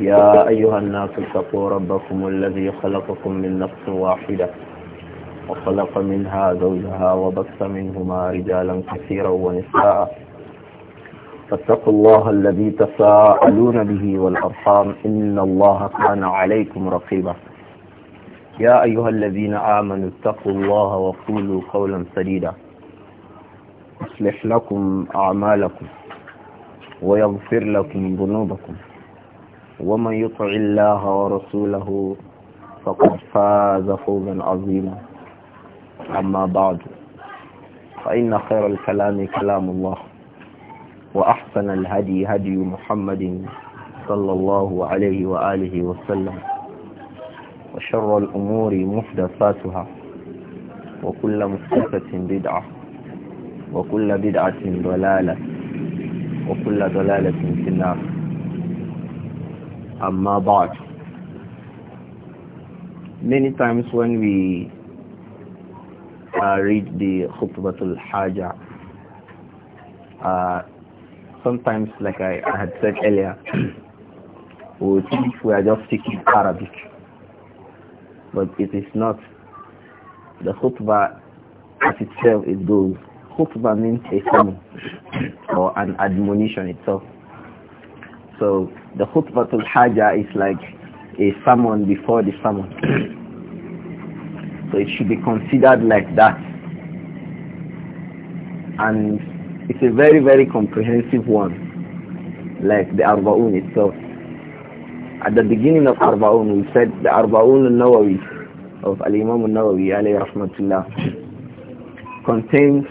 يا أيها الناس اتقوا ربكم الذي خلقكم من نفس واحدة وخلق منها زوجها وبث منهما رجالا كثيرا ونساء فاتقوا الله الذي تساءلون به والأرحام إن الله كان عليكم رقيبا يا أيها الذين آمنوا اتقوا الله وقولوا قولا سديدا يصلح لكم أعمالكم ويغفر لكم ذنوبكم ومن يطع الله ورسوله فقد فاز فوزا عظيما أما بعد فإن خير الكلام كلام الله وأحسن الهدي هدي محمد صلى الله عليه وآله وسلم وشر الأمور محدثاتها وكل محدثة بدعة وكل بدعة ضلالة وكل ضلالة في النار Amma Ba'd. Many times when we uh, read the Khutbatul Hajj, uh, sometimes, like I, I, had said earlier, we think we are just speaking Arabic, but it is not. The khutbah as itself it goes. Khutbah means a sermon or an admonition itself. So the khutbatul haja is like a sermon before the sermon. so it should be considered like that. And it's a very, very comprehensive one, like the Arbaun itself. At the beginning of Arbaun, we said the Arbaun al-Nawawi of Al-Imam al-Nawawi, alayhi rahmatullah, contains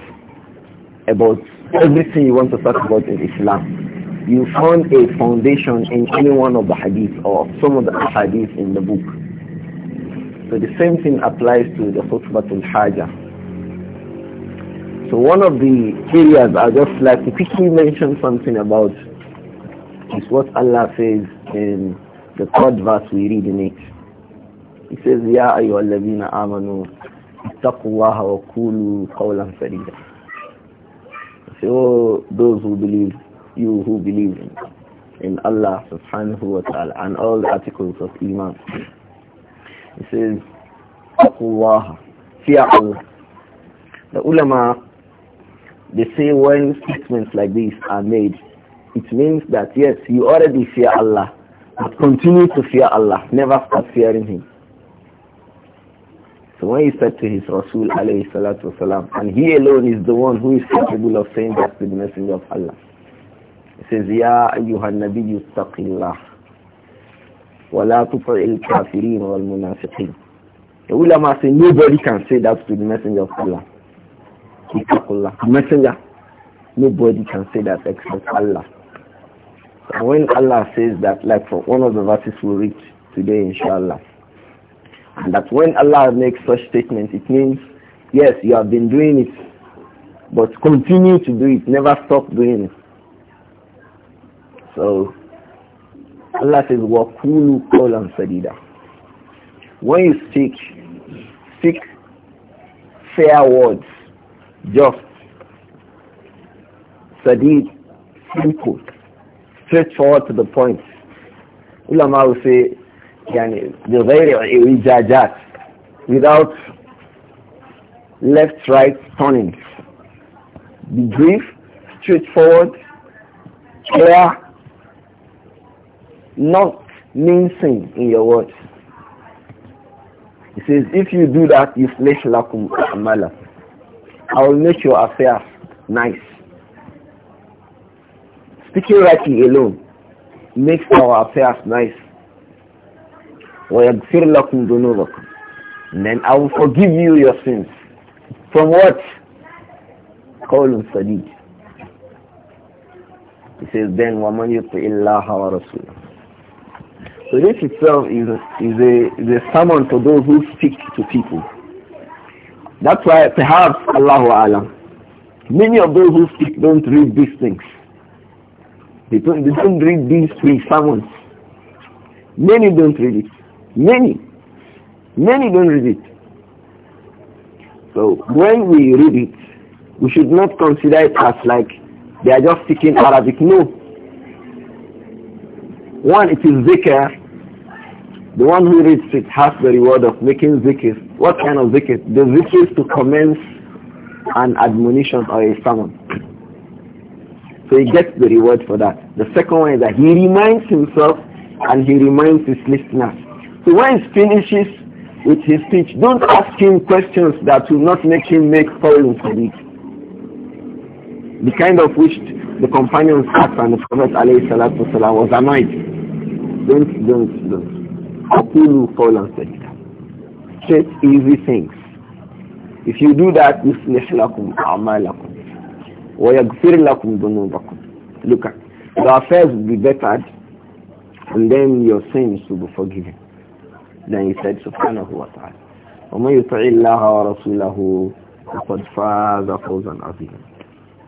about everything you want to talk about in Islam you found a foundation in any one of the hadith or some of the hadith in the book. So the same thing applies to the khutbatul hajah. So one of the areas I just like to quickly mention something about is what Allah says in the third verse we read in it. He says, Ya ayyuhalladhina amanu ittaqullaha wa kullu qawlan sadida. So oh, those who believe, you who believe in, in Allah subhanahu wa ta'ala and all the articles of Iman. He says, Allah, fear Allah. The ulama, they say when statements like these are made, it means that yes, you already fear Allah, but continue to fear Allah, never stop fearing Him. So when he said to his Rasul alayhi salatu wasalam, and he alone is the one who is capable of saying that to the messenger of Allah. He says, Ya ayyuhan nabiyyu taqillah wa la tuti'il kafirin wal munafiqin. The ulama say nobody can say that to the messenger of Allah. The messenger, nobody can say that except Allah. So when Allah says that, like for one of the verses we read today, inshallah, and that when Allah makes such statements, it means, yes, you have been doing it, but continue to do it, never stop doing it. So Allah says, "Wakulu kolam sadida." When you speak, speak fair words, just, sadid, simple, straightforward to the point. Ulama will say, يعني بغير without left right turning be brief straightforward clear not mincing in your words. He says, if you do that, you flesh lakum amala. I will make your affairs nice. Speaking rightly alone makes our affairs nice. وَيَغْفِرْ لَكُمْ And then I will forgive you your sins. From what? قول Sadiq. He says, then وَمَنْ يُطِعِ اللَّهَ وَرَسُولَهُ so this itself is, is, a, is a sermon to those who speak to people. That's why perhaps, Allahu Alam, many of those who speak don't read these things. They don't, they don't read these three sermons. Many don't read it. Many. Many don't read it. So when we read it, we should not consider it as like they are just speaking Arabic. No. One, it is zikr the one who reads it has the reward of making zikr. What kind of zikr? The zikr is to commence an admonition or a sermon. So he gets the reward for that. The second one is that he reminds himself and he reminds his listeners. So when he finishes with his speech, don't ask him questions that will not make him make following it. The kind of which the companions asked and the Prophet ﷺ was annoyed. Don't, don't, don't and Qawlan Sadida. Straight, easy things. If you do that, يُصْلِحْ Amalakum. أَعْمَالَكُمْ وَيَغْفِرْ لَكُمْ ذُنُوبَكُمْ Look at Your affairs will be bettered and then your sins will be forgiven. Then he said, Subhanahu wa ta'ala. وَمَنْ يُطِعِ اللَّهَ وَرَسُولَهُ فَقَدْ فَازَ فَوْزًا عَظِيمًا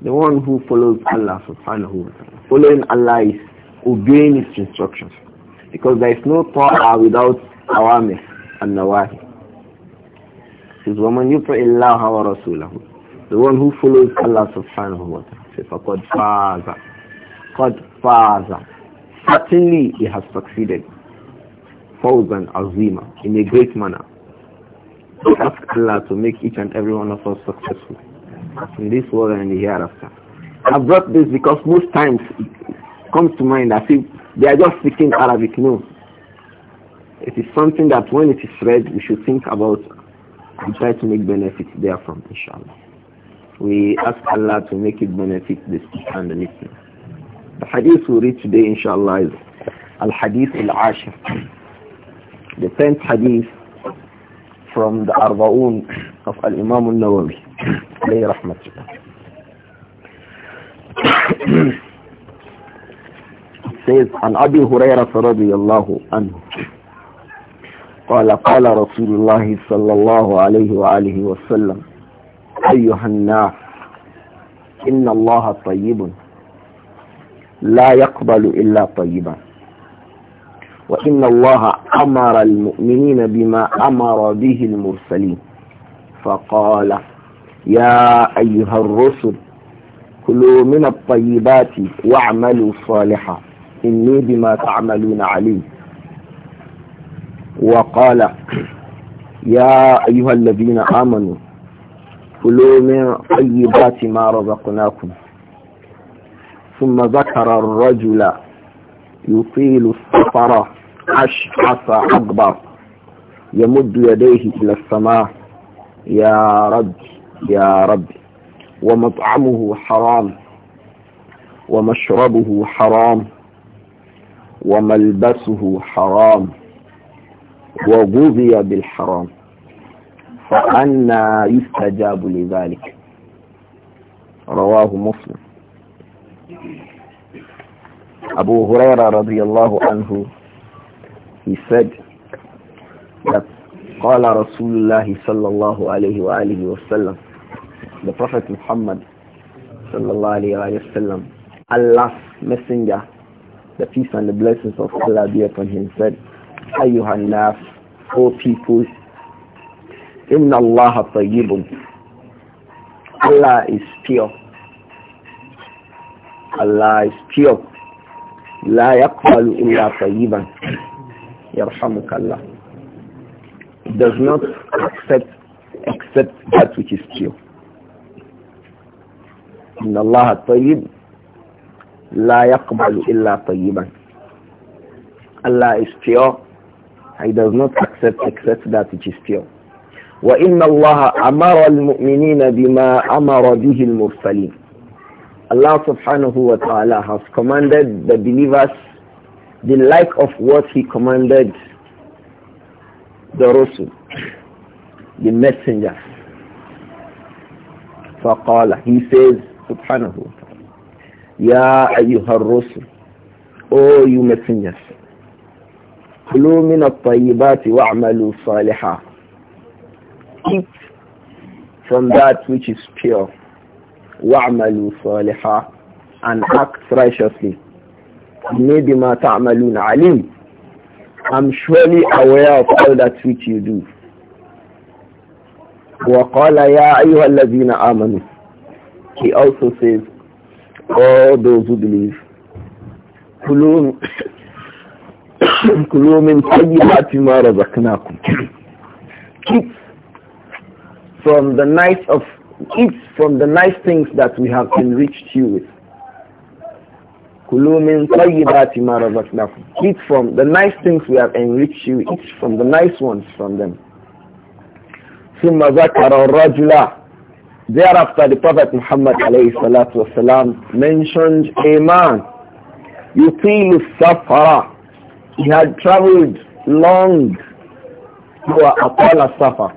the one who follows Allah subhanahu wa ta'ala. Following Allah is obeying his instructions. Because there is no ta'a without awamir and nawahi. This woman, you pray Allah wa rasulahu. The one who follows Allah subhanahu wa ta'ala. Say, God, faza. God, father. Certainly he has succeeded. Fawzan azima. In a great manner. We ask Allah to make each and every one of us successful. In this world and in the hereafter. I brought this because most times it comes to mind as if they are just speaking Arabic. No. It is something that when it is read, we should think about and try to make benefits therefrom, inshallah. We ask Allah to make it benefit the speaker and the listener. The hadith we read today, inshallah, is Al-Hadith Al-Ashir. The tenth hadith from the Arba'un of Al-Imam Al-Nawawi. alayhi rahmatullah. says أبي هريرة رضي الله عنه قال قال رسول الله صلى الله عليه وآله وسلم أيها الناس إن الله طيب لا يقبل إلا طيبا وإن الله أمر المؤمنين بما أمر به المرسلين فقال يا أيها الرسل كلوا من الطيبات واعملوا صالحا إني بما تعملون عليم وقال يا أيها الذين آمنوا كلوا من طيبات ما رزقناكم ثم ذكر الرجل يطيل السفر أشعث أكبر يمد يديه إلى السماء يا رب يا رب ومطعمه حرام ومشربه حرام وملبسه حرام وغذي بالحرام فأنا يستجاب لذلك رواه مسلم Abu Huraira الله anhu he said that qala Rasulullah sallallahu alayhi wa alihi wa sallam the Prophet Muhammad sallallahu alayhi wa sallam Allah's messenger the peace and the blessings of Allah be upon him, said, Ayyuhan naf, O people, Inna Allah tayyibun. Allah is pure. Allah is pure. لا يقبل إلا طيبا يرحمك الله does not accept accept that which is pure إن الله طيب La yaqbalu illa tayyiban. Allah is pure. He does not accept except that which is pure. وإن الله أمر المؤمنين بما أمر به المرسلين Allah subhanahu wa ta'ala has commanded the believers the like of what he commanded the Rasul, the messenger. فقال, he says subhanahu wa ta'ala. Ya ayyuhar rusul, O you messengers, kulu min at-tayyibati wa'malu salihah. Eat from that which is pure. Wa'malu salihah and act righteously. Maybe ma ta'malun alim. I'm surely aware of all that which you do. وقال يا أيها الذين آمنوا He also says all those who believe كلوا كلوا من طيبات ما رزقناكم keep from the nice of eat from the nice things that we have enriched you with كلوا من طيبات ما رزقناكم eat from the nice things we have enriched you eat from the nice ones from them ثم Thereafter, the Prophet Muhammad والسلام, mentioned a man, Yutil Safara. He had traveled long to Atala Safar.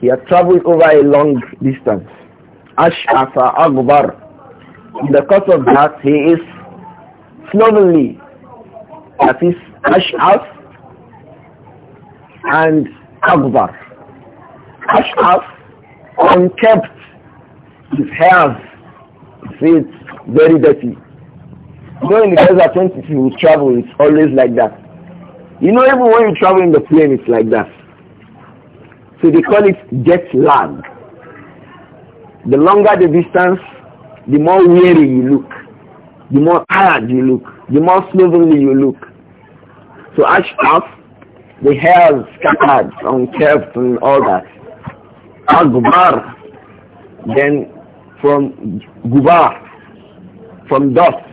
He had traveled over a long distance. Ash'afa Akbar. In the course of that, he is slovenly. That is Ash'af and Akbar. Ash'af unkept his hair, his face, very dirty. You know, in the desert, when you travel, it's always like that. You know, even when you travel in the plane, it's like that. So they call it jet lag. The longer the distance, the more weary you look, the more tired you look, the more slovenly you look. So Ash'af, the hair scattered and curved and all that. Agbar, then from gubar, from dust.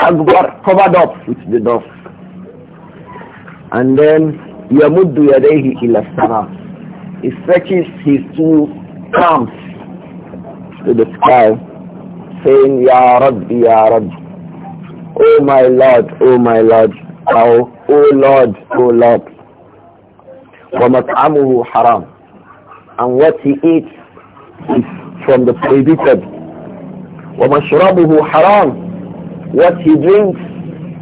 Akbar covered up with the dust. And then Yamuddu Yadehi ila sama. He stretches his two arms to the sky, saying, Ya Rabbi, Ya Rabbi. O oh my Lord, O oh my Lord, O oh Lord, O Lord. وَمَطْعَمُهُ haram. And what he eats is from the prohibited وَمَشْرَبُهُ حَرَامٌ What he drinks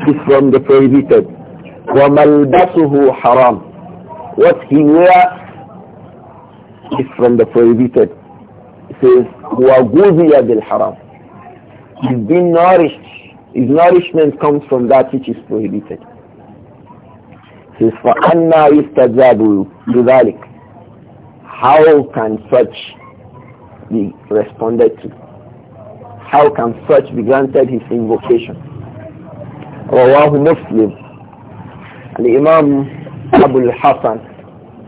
is from the prohibited. وَمَلْبَسُهُ حَرَامٌ What he wears is from the prohibited. It says, وَغُذِيَ بِالْحَرَامِ He's been nourished. His nourishment comes from that which is prohibited. It says, فَأَنَّا يُسْتَجَابُ لِذَلِكَ How can such be responded to? How can such be granted his invocation? Rawahu Muslim. And Imam Abu al-Hasan,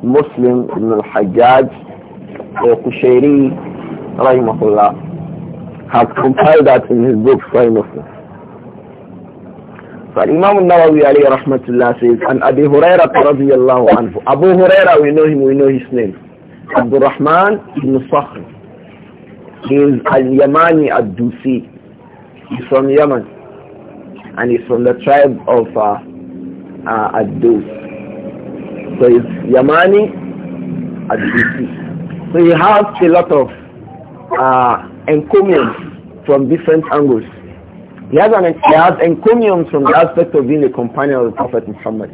Muslim ibn al-Hajjaj, Qushayri, Rahimahullah, has compiled that in his book, Sahih Muslim. So Imam al Nawawi رحمة rahmatullah says and Abu Huraira, رضي الله عنه أبو هريرة we know him we know his name عبد الرحمن بن صخر he is Al-Yamani Ad-Dusi. He's from Yemen. And he's from the tribe of uh, uh, Ad-Dus. So he's Yamani Ad-Dusi. So he has a lot of uh, encomiums from different angles. He has, an, he has encomiums from the aspect of being a companion of the Prophet Muhammad.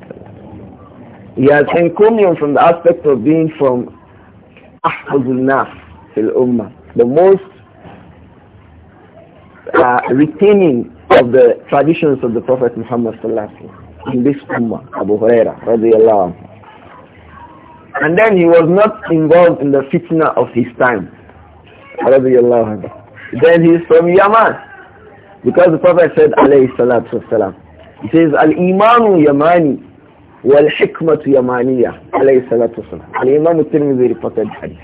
He has encomiums from the aspect of being from Ahfazul Nas, Fil Ummah the most uh, retaining of the traditions of the Prophet Muhammad sallallahu in this ummah, Abu Huraira radiallahu anhu. And then he was not involved in the fitna of his time radiallahu anhu. Then he is from Yaman because the Prophet said alayhi salatu wasalam. He says al-imanu yamani wal-hikmatu yamaniya alayhi salatu wasalam. Al-imam al-Tirmidhi reported hadith.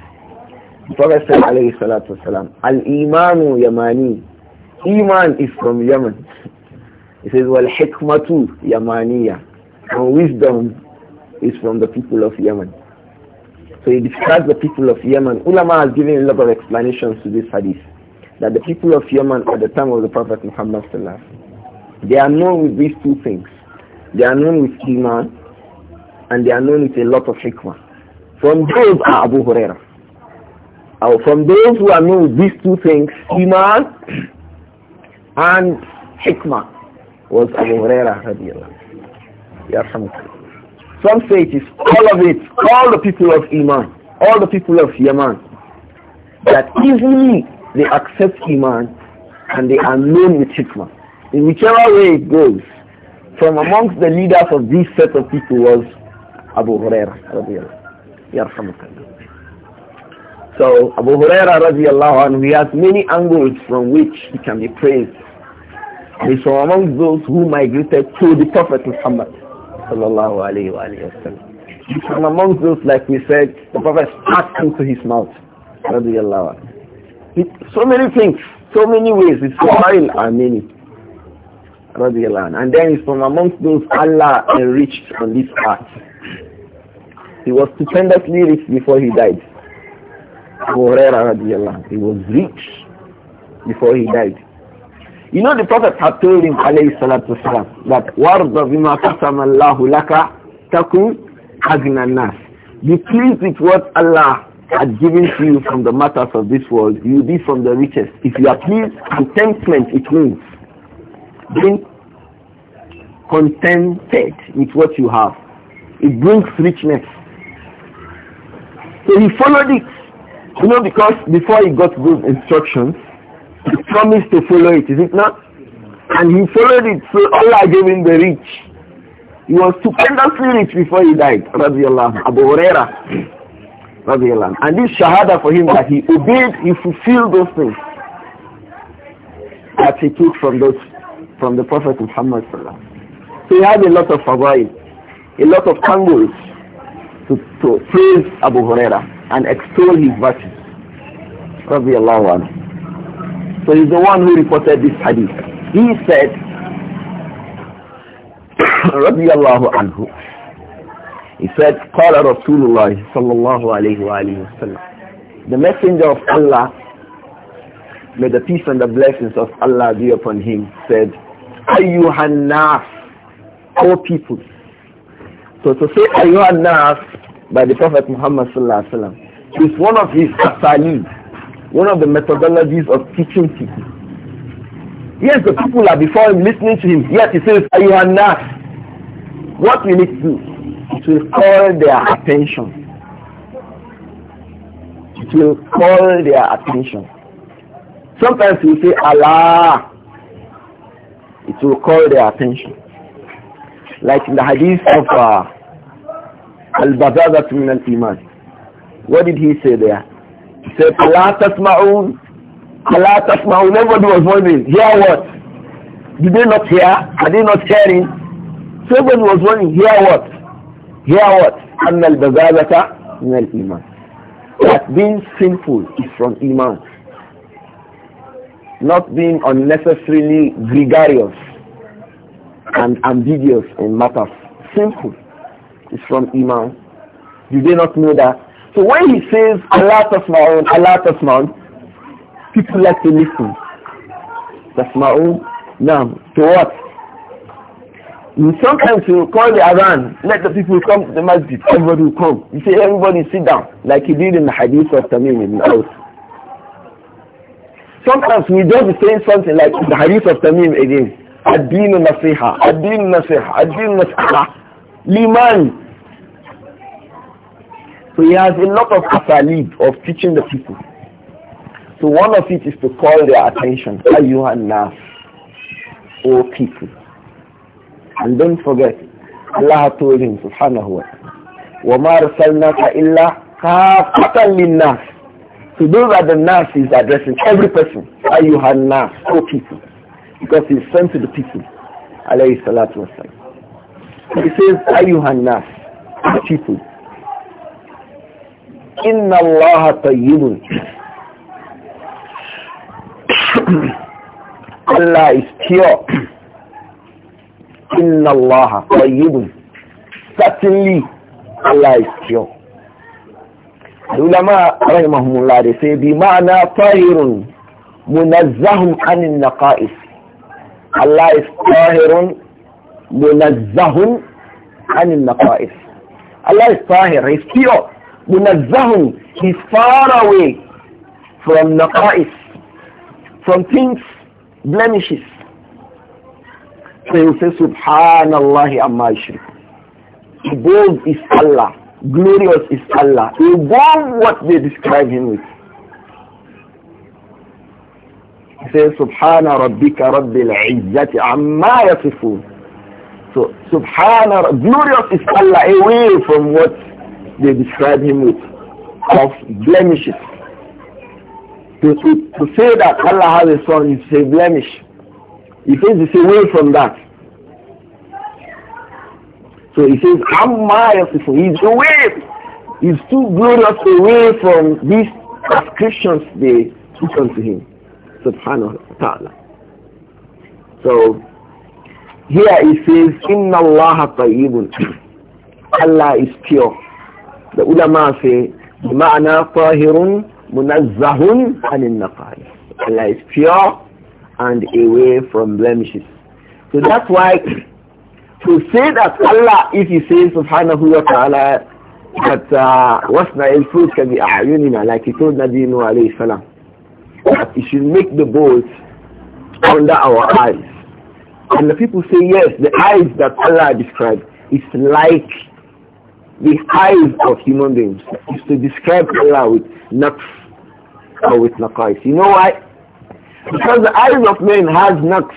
The Prophet said, alayhi salatu wasalam, Al-Imanu Yamani. Iman is from Yemen. He says, Wal-Hikmatu Yamaniya. And wisdom is from the people of Yemen. So he describes the people of Yemen. Ulama has given a lot of explanations to this hadith. That the people of Yemen at the time of the Prophet Muhammad they are known with these two things. They are known with Iman and they are known with a lot of hikmah. From those are Abu Hurairah. Now, oh, from those who are known these two things, oh. Iman and Hikmah, was Abu Huraira Some say it is all of it, all the people of Iman, all the people of Yemen, that easily they accept Iman and they are known with Hikmah. In whichever way it goes, from amongst the leaders of this set of people was Abu Huraira. So Abu Huraira radiallahu anhu, he has many angles from which he can be praised. He's from among those who migrated to the Prophet Muhammad sallallahu alayhi wa He's from among those, like we said, the Prophet packed into his mouth radiallahu anhu. so many things, so many ways, his smile are many radiallahu anhu. And then he's from amongst those Allah enriched on this earth. He was stupendously rich before he died he was rich before he died. You know the Prophet had told him alayhi salatu wasalam that وَارْضَ بِمَا قَسَمَ اللَّهُ لَكَ تَكُنْ أَغْنَى Be pleased with what Allah had given to you from the matters of this world, you will be from the richest. If you are pleased, contentment it means. Being contented with what you have. It brings richness. So he followed it. You know, because before he got good instructions, he promised to follow it, is it not? And he followed it, so Allah gave him the rich. He was stupendously rich before he died, Abu Huraira, And this shahada for him that he obeyed, he fulfilled those things that he took from those, from the Prophet Muhammad So he had a lot of fadail, a lot of angles to, to praise Abu Huraira and extol his virtues. So he's the one who reported this hadith. He said, رضي الله عنه He said, قال رسول الله صلى الله عليه وآله وسلم The messenger of Allah, may the peace and the blessings of Allah be upon him, said, أيها الناس, all people. So to say أيها الناس by the Prophet Muhammad sallallahu alaihi wasallam is one of his asalim, one of the methodologies of teaching people. Yes, the people are before him listening to him, yet he says, "Are you not? what will it do? It will call their attention. It will call their attention. Sometimes we say, Allah, it will call their attention. Like in the hadith of uh, Al-Bazazat min al What did he say there? He said, Allah تَسْمَعُونَ". Allah tasma'un. Everybody was wondering, hear what? Did they not hear? Are they not hearing? So everybody was wondering, hear what? Hear what? أن البزازة من الإيمان. That being sinful is from Iman. Not being unnecessarily gregarious and ambiguous in matters. Simple is from Iman. Do they not know that? So when he says Allah Tasma'un, Allah Tasma'un, people like to listen. Tasma'un, Nam, to what? sometimes you call the Adhan, let the people come to the masjid, everybody will come. You say everybody sit down, like he did in the hadith of Tamim ibn Aus. Sometimes we just be saying something like the hadith of Tamim again. Ad-Din Nasiha, Ad-Din Nasiha, Ad-Din Nasiha. Liman, so he has a lot of asalib of teaching the people. So one of it is to call their attention. Are Ayyuhan nas, O people. And don't forget, Allah told him, subhanahu wa ta'ala, وَمَا Illa إِلَّا كَافَةً لِلنَّاسِ So those are the nas he's addressing, every person. Are Ayyuhan nas, O people. Because he's sent to the people. Alayhi salatu wasalam. He says, Are you Ayyuhan O people. إن الله طيب الله استيا إن الله طيب ستلي الله استيا العلماء رحمهم الله رسي بمعنى طاهر منزه عن النقائص الله طاهر منزه عن النقائص الله طاهر استيا Munazzahun, he's far away from naqa'is, from things, blemishes. So he says, Subhanallah amma Bold is Allah. Glorious is Allah. Above what they describe him with. He says, Subhana rabbika rabbil izzati amma yasifun. So, Subhana, glorious is Allah away from what they describe him with, of blemishes. To, to, to say that Allah has a son is a blemish. He says it's away from that. So he says, Amma Yasifu, he's away, he's too glorious away from these prescriptions they come unto him. Subhanahu wa ta'ala. So here he says, Inna Allah tayyibun. Allah is pure. The ulama say, بِمَعْنَا طَاهِرٌ مُنَزَّهٌ عَنِ النَّقَائِسِ Allah is pure and away from blemishes. So that's why to say that Allah, if you say subhanahu wa ta'ala, that uh, wasna al-fulka bi a'yunina, like he told Nabi Nuh alayhi salam, that He should make the boat under our eyes. And the people say, yes, the eyes that Allah described is like the eyes of human beings is to describe Allah with nafs or with naqais. You know why? Because the eyes of men has nafs.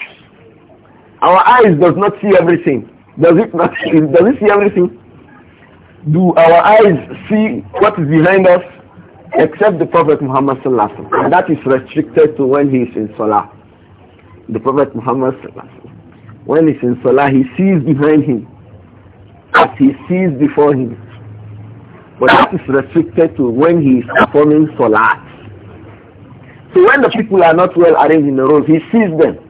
Our eyes does not see everything. Does it not? Does it see everything? Do our eyes see what is behind us? Except the Prophet Muhammad sallallahu alaihi wasallam. That is restricted to when he is in salah. The Prophet Muhammad sallallahu alaihi wasallam. When he's in salah, he sees behind him that he sees before him. But that is restricted to when he is performing salat. So when the people are not well arranged in the rows, he sees them.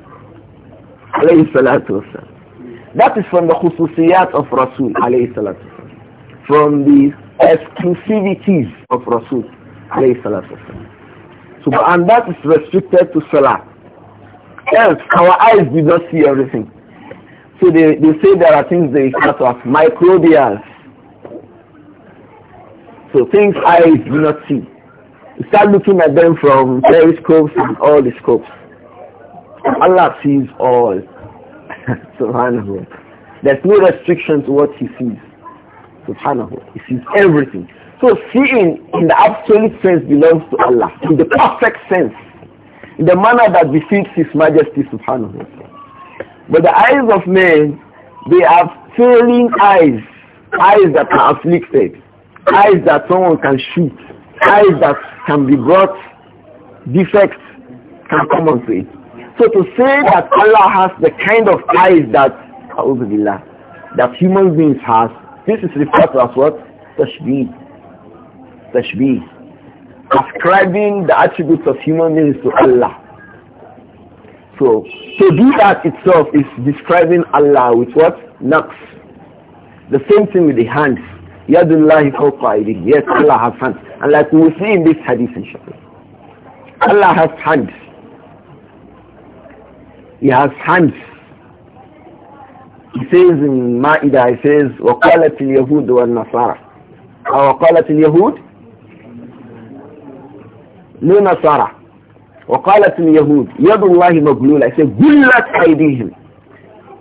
That is from the khususiyat of Rasul From the exclusivities of Rasul So, and that is restricted to Salah. Else, our eyes do not see everything. So they, they say there are things they refer to as microbials. So things eyes do not see. You start looking at them from periscopes and all the scopes. Allah sees all. Subhanahu. There's no restriction to what he sees. Subhanahu. He sees everything. So seeing in the absolute sense belongs to Allah. In the perfect sense. In the manner that befits his majesty subhanahu. But the eyes of men, they have failing eyes, eyes that are afflicted, eyes that someone can shoot, eyes that can be brought, defects can come to it. So to say that Allah has the kind of eyes that, that human beings has, this is referred to as what? Tashbih. Tashbih. Ascribing the attributes of human beings to Allah. So to do that itself is describing Allah with what? Naqs. The same thing with the hands. Yadullahi fawqa'idin. Yes, Allah has hands. And like we will see in this hadith inshallah. Allah has hands. He has hands. He says in Ma'idah, he says, وَقَالَتِ الْيَهُودُ وَالنَّصَارَى أو وقالت اليهود no نصارى وقالت اليهود يد الله مغلولة I say غلت أيديهم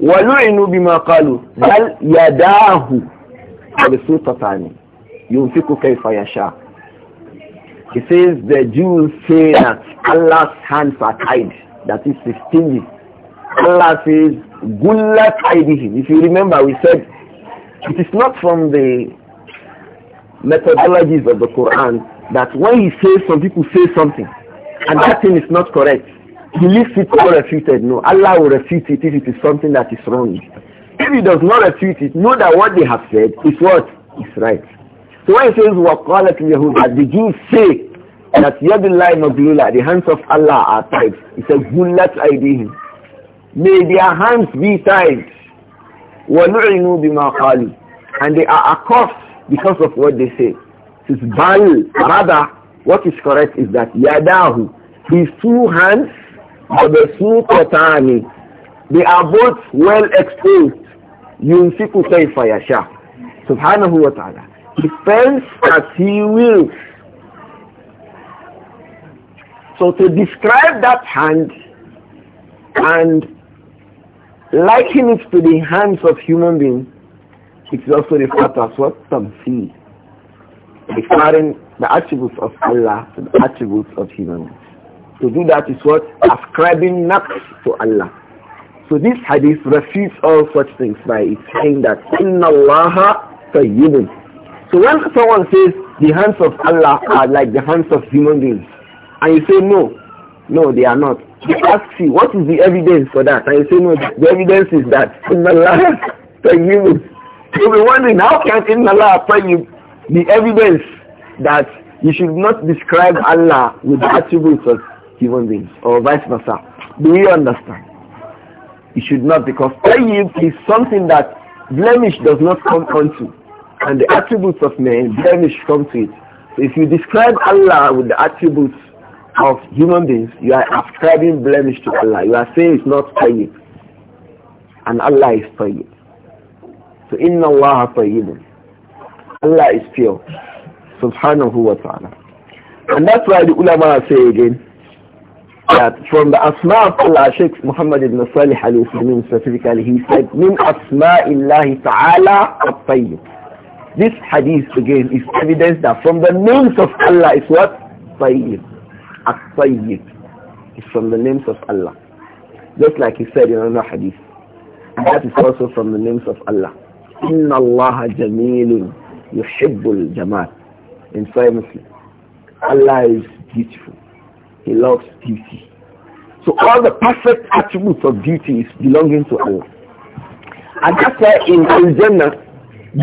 ولعنوا بما قالوا بل يداه مبسوطتان ينفق كيف يشاء He says the Jews say that Allah's hands are tied. That is stingy. Allah says, Gullat aydihim. If you remember, we said, it is not from the methodologies of the Quran that when he says some people say something and that thing is not correct, he leaves it refuted. No, Allah will refute it if it is something that is wrong. If he does not refute it, know that what they have said is what is right. So when it says وَقَالَتْ الْيَهُودَ The Jews say that Yadullahi Maglula, the hands of Allah are tied. He says, Gullat Aidihim. May their hands be tied. وَلُعِنُوا بِمَا قَالُوا And they are accursed because of what they say. It is Bal, rather, what is correct is that yadahu, his two hands, or the two kotani, they are both well exposed. Yunsiku kayfa yasha. Subhanahu wa ta'ala. He spends as he wills. So to describe that hand and liken it to the hands of human beings, it is also referred to as what? Declaring the attributes of Allah to the attributes of human. To do that is what? Ascribing naqs to Allah. So this hadith refutes all such things by saying that Inna Allah tayyibun. So when someone says the hands of Allah are like the hands of human beings, and you say no, no they are not. He asks you, what is the evidence for that? And you say no, the evidence is that Inna Allah tayyibun. You'll be wondering, how can Inna Allah tayyib the evidence that you should not describe Allah with the attributes of human beings or vice versa. Do you understand? You should not because tayyib is something that blemish does not come onto and the attributes of men, blemish come to it. So if you describe Allah with the attributes of human beings, you are ascribing blemish to Allah. You are saying it's not tayyib. And Allah is tayyib. So inna Allah tayyibun. Allah is pure. Subhanahu wa ta'ala. And that's why the ulama say again that from the asma of Allah, Sheikh Muhammad ibn Salih al specifically, he said, Min asma illahi ta'ala at This hadith again is evidence that from the names of Allah is what? Tayyib. At-Tayyib. It's from the names of Allah. Just like he said in another hadith. And that is also from the names of Allah. Inna Allah jamilun Yuhibbul Jamal in Sahih Allah is beautiful. He loves beauty. So all the perfect attributes of beauty is belonging to Allah. And that's why in Al-Jannah,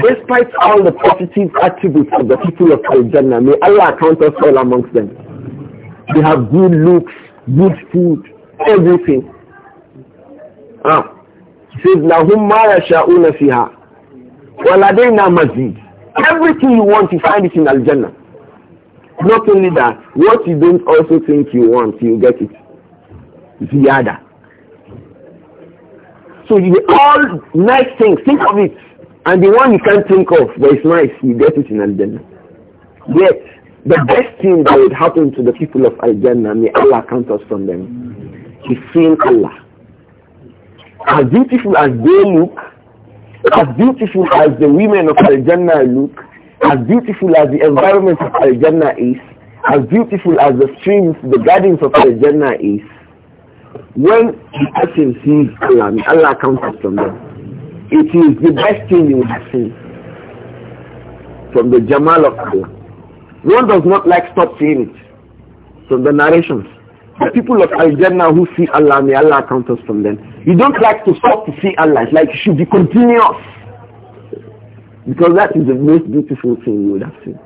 despite all the positive attributes of the people of Al-Jannah, may Allah count us all amongst them. They have good looks, good food, everything. Ah. says, لَهُمْ مَا يَشَاءُونَ فِيهَا وَلَدَيْنَا مَزِيدٌ Everything you want, you find it in Al-Jannah. Not only that, what you don't also think you want, you get it. Ziyada. So you all nice things, think of it. And the one you can't think of it's nice, you get it in Al-Jannah. Yet, the best thing that would happen to the people of Al-Jannah, may Allah count us from them, is seeing Allah. As beautiful as they look, as beautiful as the women of Al-Jannah look, as beautiful as the environment of Al-Jannah is, as beautiful as the streams, the gardens of Al-Jannah is, when the person sees Allah, Allah comes from them. It is the best thing you have seen from the Jamal of Allah. One does not like stop seeing it from the narrations. The people of Al-Jannah who see Allah, may Allah count us from them. You don't like to stop to see Allah. It's like it should be continuous. Because that is the most beautiful thing you would have seen.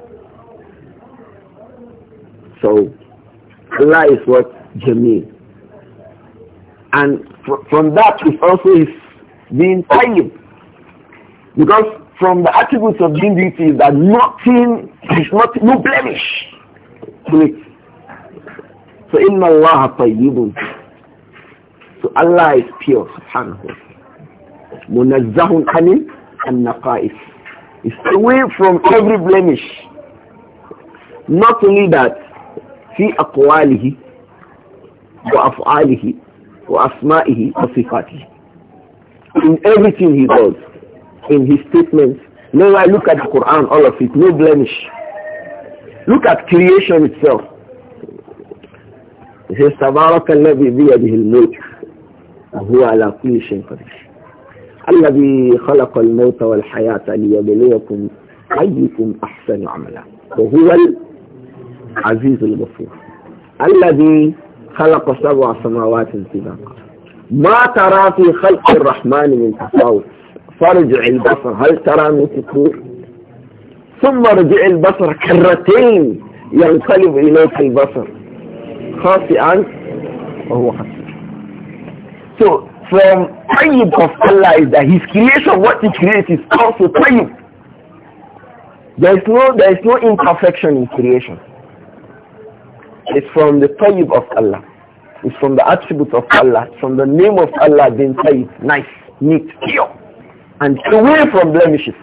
So, Allah is what? Jameel. And fr from that is also his being tayyib. Because from the attributes of being beauty is that nothing, is not, no blemish so inna Allah tayyibun. So Allah is pure, subhanahu Munazzahun anil and naqa'is. It's away from every blemish. Not only that, fi aqwalihi wa af'alihi wa asma'ihi wa sifatihi. In everything he does, in his statements, no, I look at the Quran, all of it, no blemish. Look at creation itself. هي تبارك الذي بيده الملك وهو على كل شيء قدير. الذي خلق الموت والحياة ليبلوكم أيكم أحسن عملا وهو العزيز الغفور. الذي خلق سبع سماوات سباقا. ما ترى في خلق الرحمن من تفاوت فارجع البصر هل ترى من فطور؟ ثم رجع البصر كرتين ينقلب إليك البصر خاطئا وهو خطير So from tayyib of Allah is that his creation, what he creates is also tayyib. There is no, there is no imperfection in creation. It's from the tayyib of Allah. It's from the attributes of Allah, from the name of Allah being tayyib, nice, neat, pure, and away from blemishes.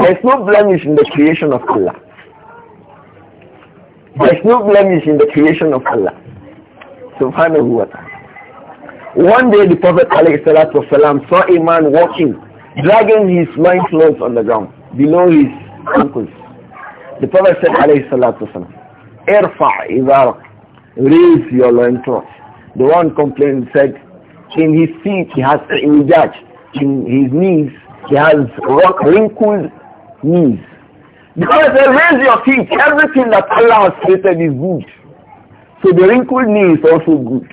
There is no blemish in the creation of Allah. There's no blemish in the creation of Allah. Subhanahu wa ta'ala. One day the Prophet والسلام, saw a man walking, dragging his loin clothes on the ground, below his ankles. The Prophet said, والسلام, Irfa izarak, raise your loin cloth. The one complained said, in his feet he has a judge, in his knees he has wrinkled knees. Because the raise of feet. Everything that Allah has created is good. So the wrinkled knee is also good.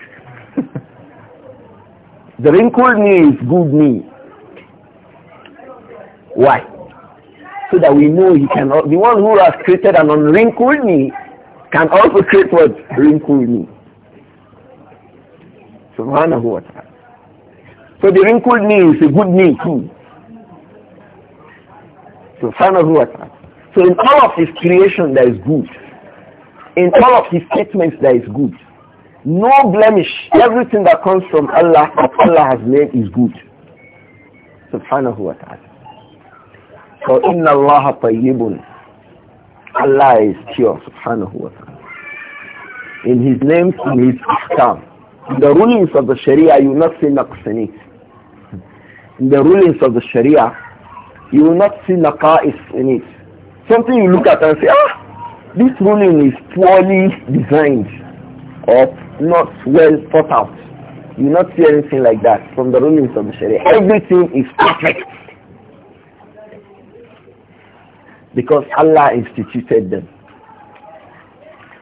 the wrinkled knee is good knee. Why? So that we know he can, the one who has created an unwrinkled knee can also create what? Wrinkled knee. Subhanahu wa ta'ala. So the wrinkled knee is a good knee too. Subhanahu wa ta'ala. So in all of his creation there is good. In all of his statements there is good. No blemish. Everything that comes from Allah that Allah has made is good. Subhanahu wa ta'ala. So inna Allah tayyibun. Allah is pure. Subhanahu wa ta'ala. In his name, in his ahkam. In the rulings of the Sharia, you will not see naqs in In the rulings of the Sharia, you will not see naqais in it Something you look at and say, ah, this ruling is poorly designed or not well thought out. You not see anything like that from the rulings of the Sharia. Everything is perfect. Because Allah instituted them.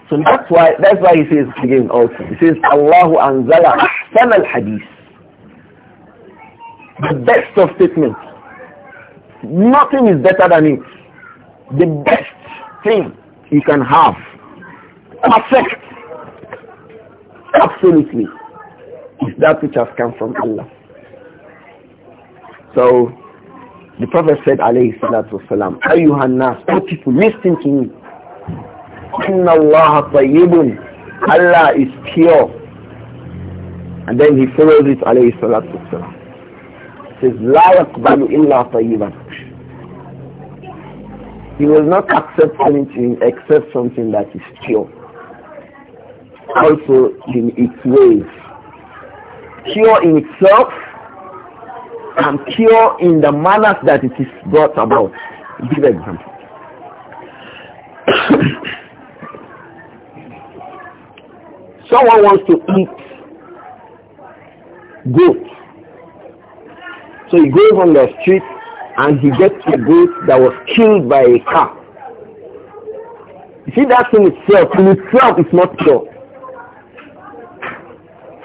So that's why that's why he says again also. He says Allahu anzala ahsan al hadith. The best of statements. Nothing is better than it the best thing you can have. Perfect. Absolutely. Is that which has come from Allah. So the Prophet said alayhi salatu wasalam, Ayyuhan nas, All people, listen to me. Inna Allah tayyibun. Allah is pure. And then he follows it alayhi salatu wasalam. He says, La yakbalu illa tayyiban. He will not accept anything except something that is pure. Also in its ways. Pure in itself and pure in the manners that it is brought about. Give example. Someone wants to eat goat. So he goes on the street and he gets a goat that was killed by a car. You see that in itself, in itself is not pure.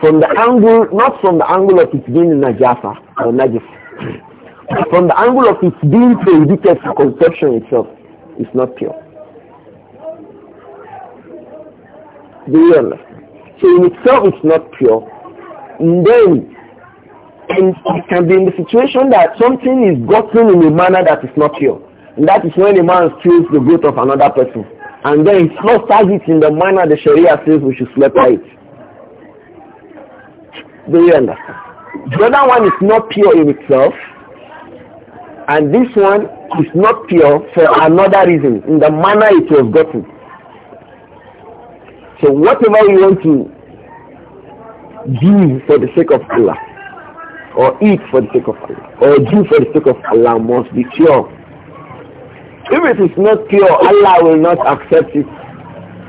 From the angle, not from the angle of its being in jaffa or najis, but from the angle of its being prohibited for conception itself, is not pure. Do you understand? So in itself it's not pure. And then and it can be in the situation that something is gotten in a manner that is not pure. And that is when a man steals the goat of another person. And then he slaughters it in the manner the Sharia says we should slaughter it. Do you understand? The other one is not pure in itself. And this one is not pure for another reason, in the manner it was gotten. So whatever you want to do for the sake of Allah, or eat for the sake of Allah or do for the sake of Allah must be pure. If it is not pure, Allah will not accept it.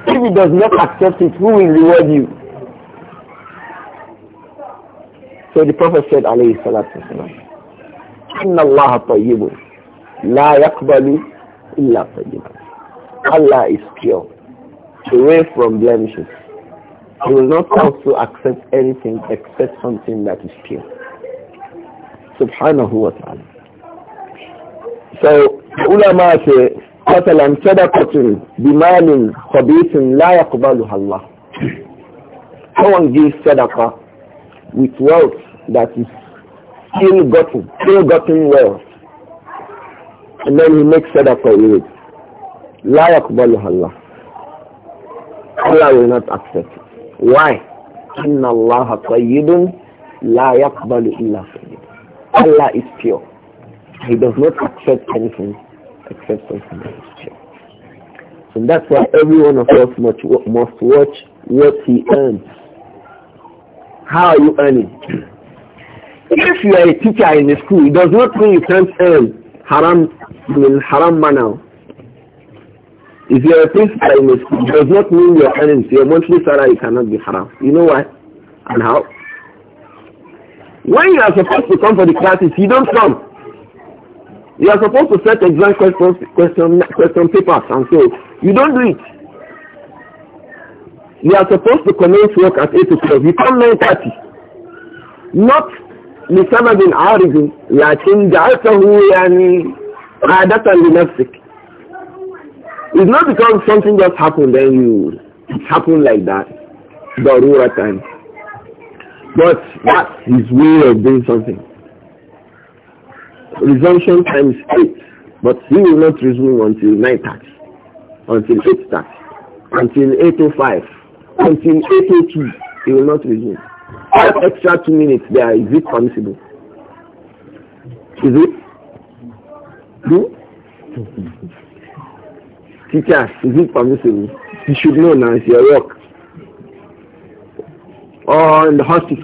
If he does not accept it, who will reward you? So the Prophet said, alayhi salatu wasalam, إِنَّ اللَّهَ طَيِّبٌ لَا يَقْبَلُ إِلَّا طَيِّبًا Allah is pure, away from blemishes. He will not to accept anything except something that is pure subhanahu wa ta'ala. So ulama say, مثلا صدقة بمال خبيث لا يقبلها الله. Someone gives sadaqa with wealth that is ill-gotten, ill-gotten wealth. And then he makes sadaqa with it. لا يقبلها الله. Allah will not accept it. Why? إن الله طيب لا يقبل إلا صدقة. Allah is pure. He does not accept anything except something that is pure. So that's why every one of us must, must watch what he earns. How are you earning? if you are a teacher in a school, it does not mean you can't earn haram in haram manner. If you are a principal in a school, it does not mean your earnings, your monthly salary cannot be haram. You know why? And how? When you are supposed to come for the classes, you don't come. You are supposed to set exam questions, question, question papers and so you don't do it. You are supposed to commence work at 8 o'clock. You come 9.30. Not لسبب عارض لكن جعلته يعني عادة لنفسك. It's not because something just happened then you, happen like that. time. But that is way of doing something. Resumption time is 8, but he will not resume until nine tax, until eight tax, until eight o oh five, until eight o oh two. he will not resume. That extra two minutes there, is it permissible? Is it? Do? Teacher, is it permissible? You should know now, it's your work. or in the hospital,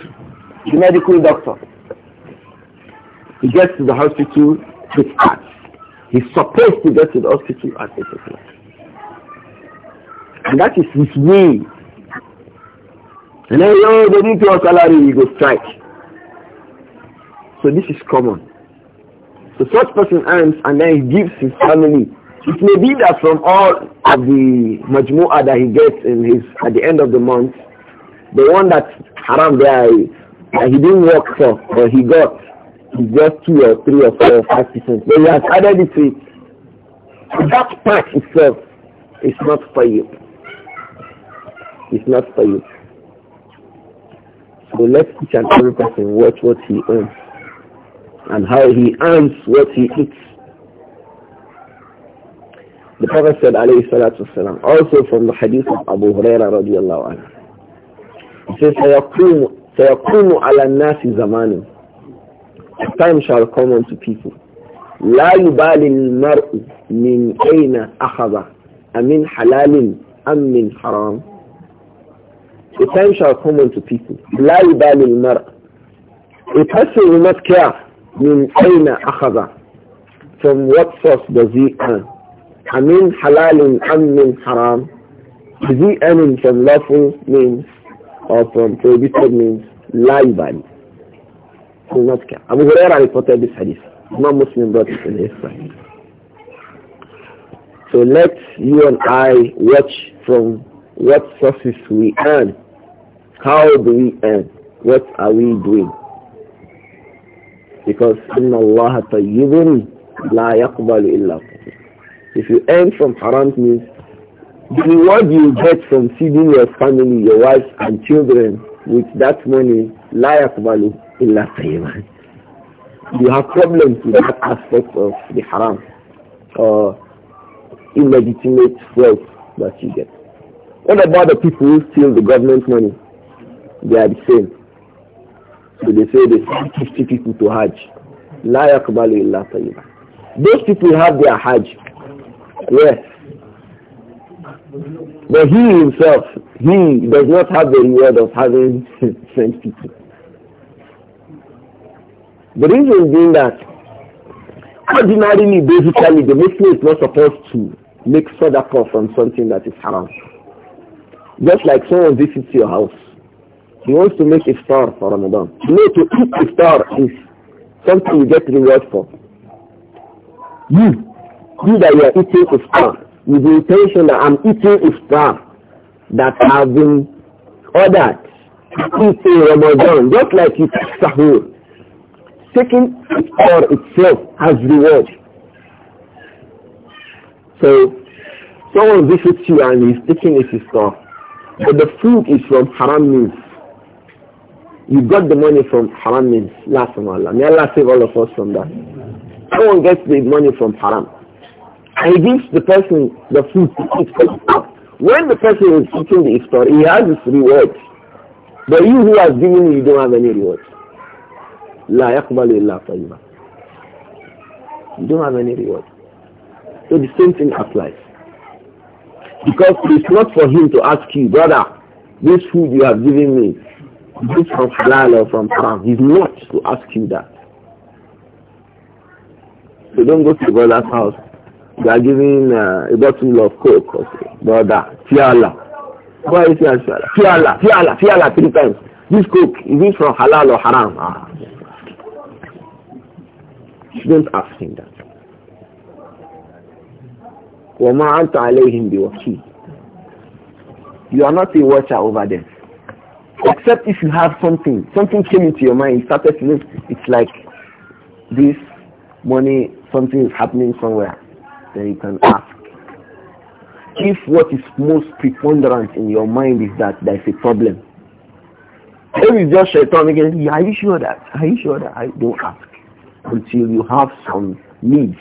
the medical doctor. He gets to the hospital with us. He's supposed to get to the hospital at 8 o'clock. And that is his way. And then, oh, they need your salary, you go strike. So this is common. So such person earns and then he gives his family. It may be that from all of the majmu'ah that he gets in his, at the end of the month, the one that haram there is, that he didn't work for, but he got, he got 2 or 3 or 4 or 5 percent. But he has added it to it. That part itself is not for you. It's not for you. So let's each and every person watch what he earns and how he earns what he eats. The Prophet said, alayhi salatu wasalam, also from the hadith of Abu Huraira radiallahu anhu, he sayakunu ala nasi zamani a time shall come unto people la yubali lmaru min aina I mean, halalin am min haram a time shall come unto people la yubali lmar a person will not care min aina akhadha from what source does he earn amin halalin am min haram is he earning from lawful means or from prohibited means by liban. So not care. Abu Huraira reported this hadith. Not Muslim brought it in his side. So let you and I watch from what sources we earn. How do we earn? What are we doing? Because إِنَّ اللَّهَ طَيِّبٌ لَا يَقْبَلُ إِلَّا If you earn from haram means the reward you get from feeding your family, your wife and children with that money, la yakbalu illa tayyiban. You have problems with that aspect of the haram or illegitimate wealth that you get. What about the people who steal the government money? They are the same. So they say they send 50 people to Hajj. La yakbalu illa tayyiban. Those people have their Hajj. Yes. But he himself, he does not have the reward of having sent people. The reason being that ordinarily, basically, the Muslim is not supposed to make sadaqah from something that is haram. Just like someone visits your house, he wants to make iftar for Ramadan. You know, to eat iftar is something you get reward for. You, you that you are eating iftar, with the intention that I'm eating iftar that have been ordered eat in Ramadan, just like it's take sahur. Taking iftar itself has reward. So, someone visits you and he's taking his iftar, but the food is from haram means. You got the money from haram means. Last from Allah. May Allah save all of us from that. Someone gets the money from haram and he gives the person the food to eat. When the person is eating the iftar, he has his reward. But you who has given you, you don't have any reward. La yaqbalu illa tayyiba. You don't have any reward. So the same thing applies. Because it's not for him to ask you, brother, this food you have given me, this from halal or from haram. He's not to ask you that. So don't go to brother's house they are giving uh, a bottle of Coke, okay. brother, Fiala. Why is it Fiala? Fiala, Fiala three times. This Coke, is it from halal or haram? Ah. Shouldn't ask him that. وَمَا أَنْتَ عَلَيْهِمْ بِوَكِيلٍ You are not a watcher over them. Except if you have something. Something came into your mind. You started to think it's like this money, something is happening somewhere then you can ask. If what is most preponderant in your mind is that there is a problem, then you just shaitan again, yeah, are you sure that? Are you sure that? I don't ask until you have some needs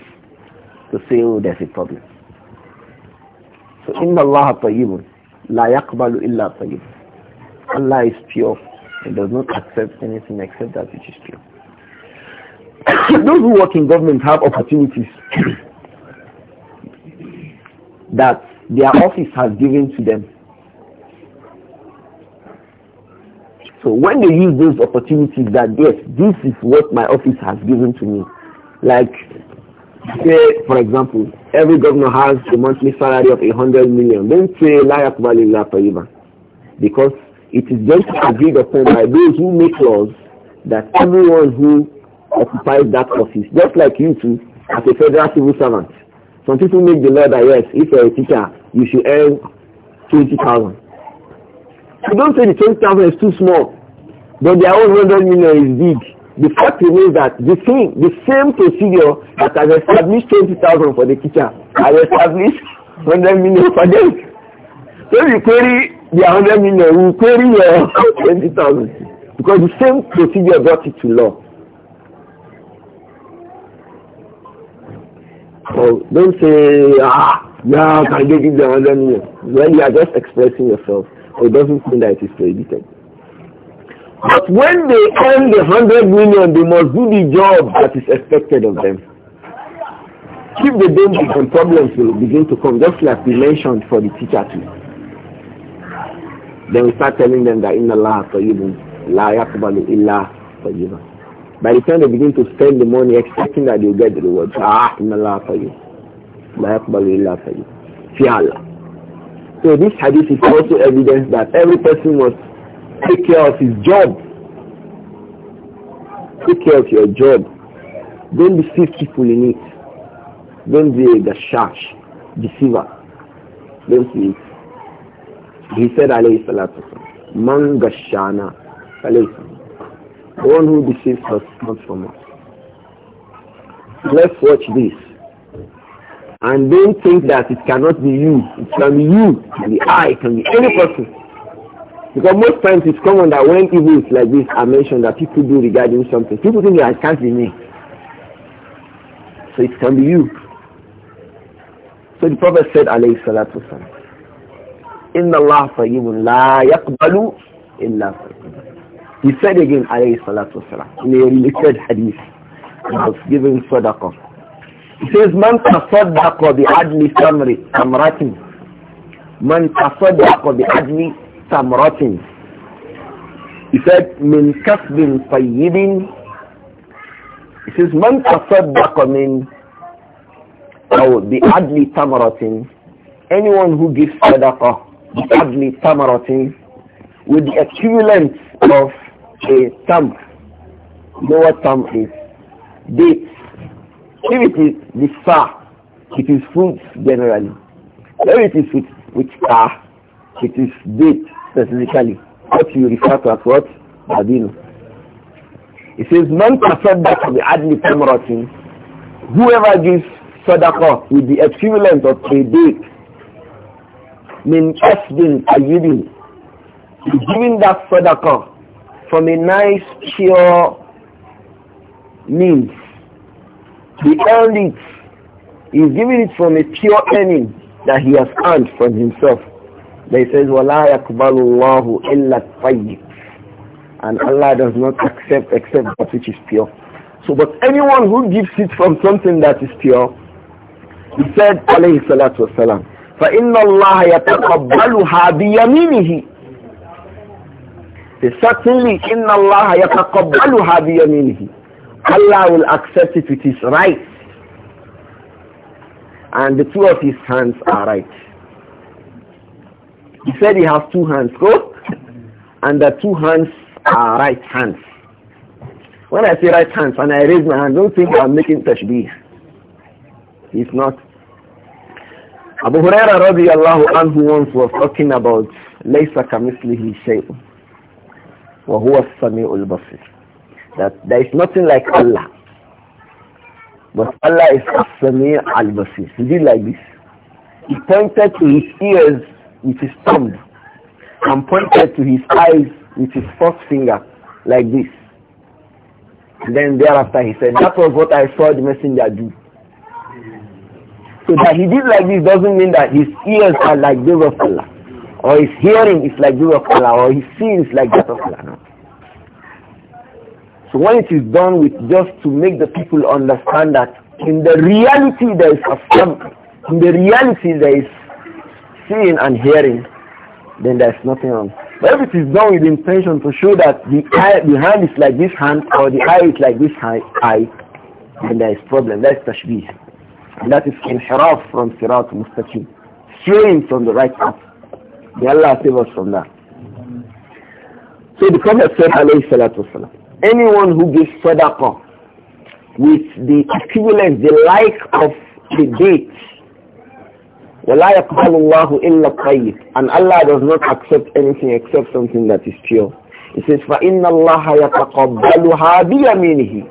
to say, oh, there's a problem. So, إِنَّ اللَّهَ طَيِّبٌ la يَقْبَلُ illa طَيِّبٌ Allah is pure. He does not accept anything except that which is pure. Those who work in government have opportunities that their office has given to them. So when they use those opportunities that yes, this is what my office has given to me. Like say for example, every governor has a monthly salary of a hundred million. Don't say layak valila paiva. Because it is just agreed upon by those who make laws that everyone who occupies that office, just like you too, as a federal civil servant, some people make the law that yes, if you're a teacher, you should earn 20,000. So don't say the 20,000 is too small, but their own 100 million is big. The fact remains that the thing, the same procedure that has established 20,000 for the teacher, has established 100 million for them. So you query their 100 million, you query your 20,000. Because the same procedure brought it to law. So oh, don't say, ah, now can get give them When you are just expressing yourself, it doesn't mean that it is prohibited. But when they earn the 100 million, they must do the job that is expected of them. If they don't, some problems will begin to come, just like we mentioned for the teacher too. Then we start telling them that in Allah, for you la yakbalu illa, you by the time they begin to spend the money expecting that they'll get the rewards, ah, in Allah for you. La yakbalu illa for you. Fear Allah. So this hadith is also evidence that every person must take care of his job. Take care of your job. Don't be people in it. Don't be the shash, deceiver. Don't be it. He said, alayhi salatu wa man gashana, alayhi salatu the one who deceives us, not from us. Let's watch this. And don't think that it cannot be you. It can be you, it can be I, it can be any person. Because most times it's common that when evils like this are mentioned that people do regarding something, people think that it can't be me. So it can be you. So the Prophet said, alayhi salatu wasalam, إِنَّ اللَّهَ طَيِّبٌ لَا يَقْبَلُ إِلَّا طَيِّبٌ he said again, alayhi salatu wasalam, in a related hadith, he was giving sadaqah. He says, man tasaddaqa bi adli samri, samratin. Man tasaddaqa bi adli tamratin. He said, min kasbin tayyibin. He says, man tasaddaqa min, or bi adli tamratin, Anyone who gives sadaqah, bi adli tamratin, with the equivalent of a thumb. You know what thumb is? Dates. If it is the far, it is food generally. Where it is with, with sa, it is date specifically. What you refer to as what? Badino. It says, Man tasaddaqa the Adni tamratin. Whoever gives sadaqah with the equivalent of a date, min kasbin ayyidin. Giving that sadaqah from a nice, pure means. He earned it. He's giving it from a pure earning that he has earned from himself. They says, وَلَا يَقْبَلُ اللَّهُ And Allah does not accept except that which is pure. So, but anyone who gives it from something that is pure, he said, alayhi salatu wasalam, فَإِنَّ اللَّهَ يَتَقَبَّلُهَا بِيَمِينِهِ certainly, inna Allah yataqabbaluha biyaminihi. Allah will accept it with his right. And the two of his hands are right. He said he has two hands, go. And the two hands are right hands. When I say right hands and I raise my hand, don't think I'm making tashbih. He's not. Abu Huraira radiallahu anhu once was talking about لَيْسَ كَمِثْلِهِ شَيْءٌ Sami السَّمِيعُ الْبَصِيرُ That there is nothing like Allah. But Allah is sami al-Basir. He did like this. He pointed to his ears with his thumb and pointed to his eyes with his first finger like this. And then thereafter he said, that was what I saw the messenger do. So that he did like this doesn't mean that his ears are like those of Allah or his hearing is like that of Allah, or his seeing is like that of Allah. So when it is done with just to make the people understand that in the reality there is a in the reality there is seeing and hearing, then there is nothing wrong. But if it is done with intention to show that the eye, the hand is like this hand or the eye is like this eye, then there is problem. That's tashbih. And that is inhiraf from sirat mustaqim. Straying from the right path. Allah save us from that. So the Prophet said, alayhi salatu wasalam, anyone who gives sadaqah with the equivalent, the like of the date, وَلَا يَقْبَلُ اللَّهُ إِلَّا الطَّيِّبِ And Allah does not accept anything except something that is pure. He says, فَإِنَّ اللَّهَ يَتَقَبَّلُهَا بِيَمِينِهِ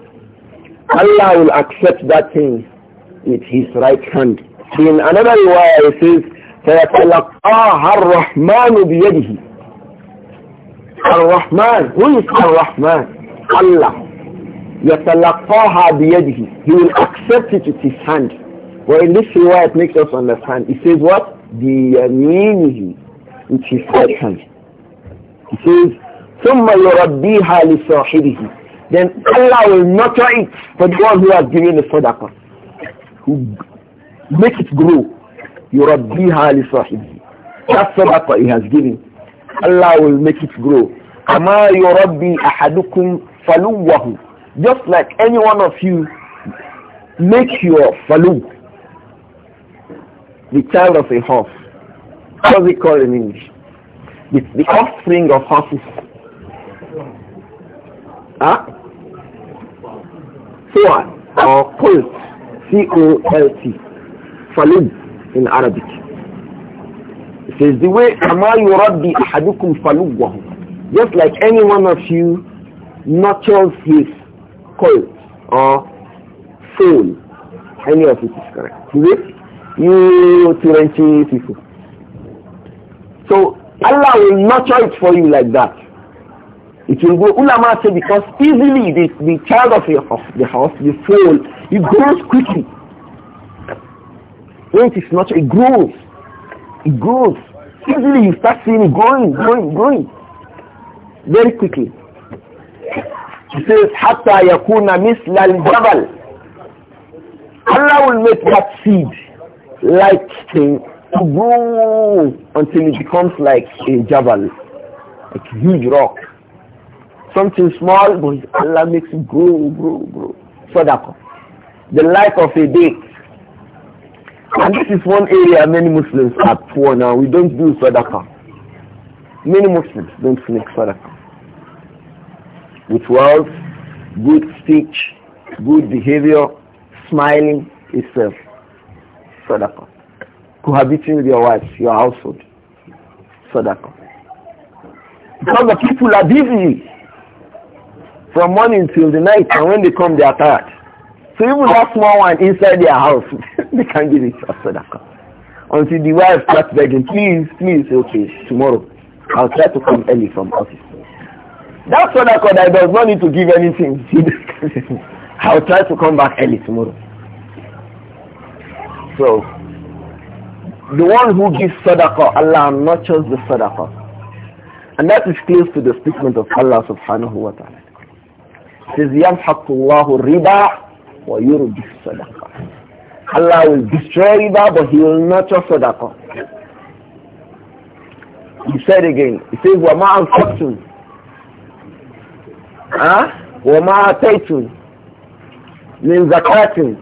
Allah will accept that thing with his right hand. In another way, he says, فيتلقاها الرحمن بيده الرحمن الرحمن Allah يتلقاها بيده he will accept it with his hand well in this way it makes us understand it says what بيمينه with his right hand he says ثم يربيها لصاحبه then Allah will nurture it for the one who has given the sadaqah who make it grow يربيها Just That sadaqah he has given, Allah will make it grow. كما يربي أحدكم فلوه Just like any one of you, make your falu, the child of a horse. How do we call in English? The, the offspring of horses. Huh? Swan or colt, C-O-L-T, falu in Arabic. It says, the way كَمَا يُرَبِّي أَحَدُكُمْ فَلُوَّهُ Just like any one of you nurtures his coil or soul. Any of it is correct. Is it? You Tiranchi people. So Allah will nurture it for you like that. It will go, ulama say, because easily the, the child of the house, the soul, it grows quickly. When it is not, it grows. It grows. Easily you start seeing it growing, growing, growing. Very quickly. It says, Hatta yakuna misla al-jabal. Allah will make that seed like thing to grow until it becomes like a jabal, like a huge rock. Something small, but Allah makes it grow, grow, grow. that The like of a big. And this is one area many Muslims are poor now. We don't do sadaqah. Many Muslims don't make sadaqah. With wealth, good speech, good behavior, smiling itself. Sadaqah. Cohabiting with your wife, your household. Sadaqah. Because the people are busy from morning till the night and when they come they are tired. So even that small one inside their house they can't give it as sadaqah. Until the wife starts begging, please, please, okay, tomorrow. I'll try to come early from office. That sadaqah that does not need to give anything. I'll try to come back early tomorrow. So, the one who gives sadaqah, Allah nurtures the sadaqah. And that is close to the statement of Allah subhanahu wa ta'ala. It says, يَمْحَقُ اللَّهُ wa وَيُرْبِي الصَّدَقَةِ Allah will destroy that, but he will not trust Sadaqa. He said again, he says, Wama Anfitun. Huh? Wama Ataitun. Min Zakatun.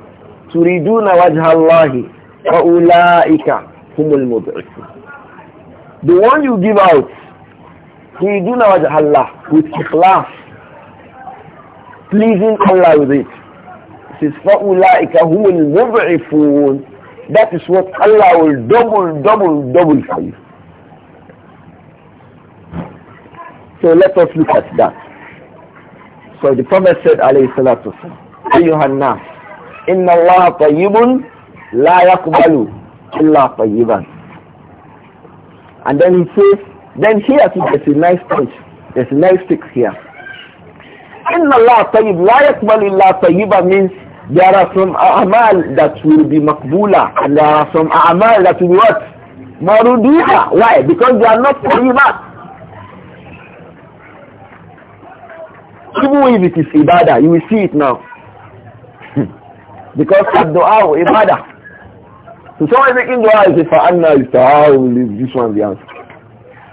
to riduna Allahi. Wa ulaika humul mud'ifun. The one you give out, riduna wajha Allah, with ikhlas, pleasing Allah with it says, فَأُولَٰئِكَ هُمُ الْمُضْعِفُونَ That is what Allah will double, double, double for you. So let us look at that. So the Prophet said, alayhi salatu Ayyuhannas, inna Allah tayyibun la yakbalu illa tayyiban. And then he says, then here too, there's a nice point. There's a nice fix here. Inna Allah tayyib la yakbalu illa tayyiban means there are some a'mal that will be makbula and there are some a'mal that will be what? marudiha Why? Because they are not tayyibat. Even if it is ibadah, you will see it now. because of dua or ibadah. So someone making dua is if anna is this one the answer.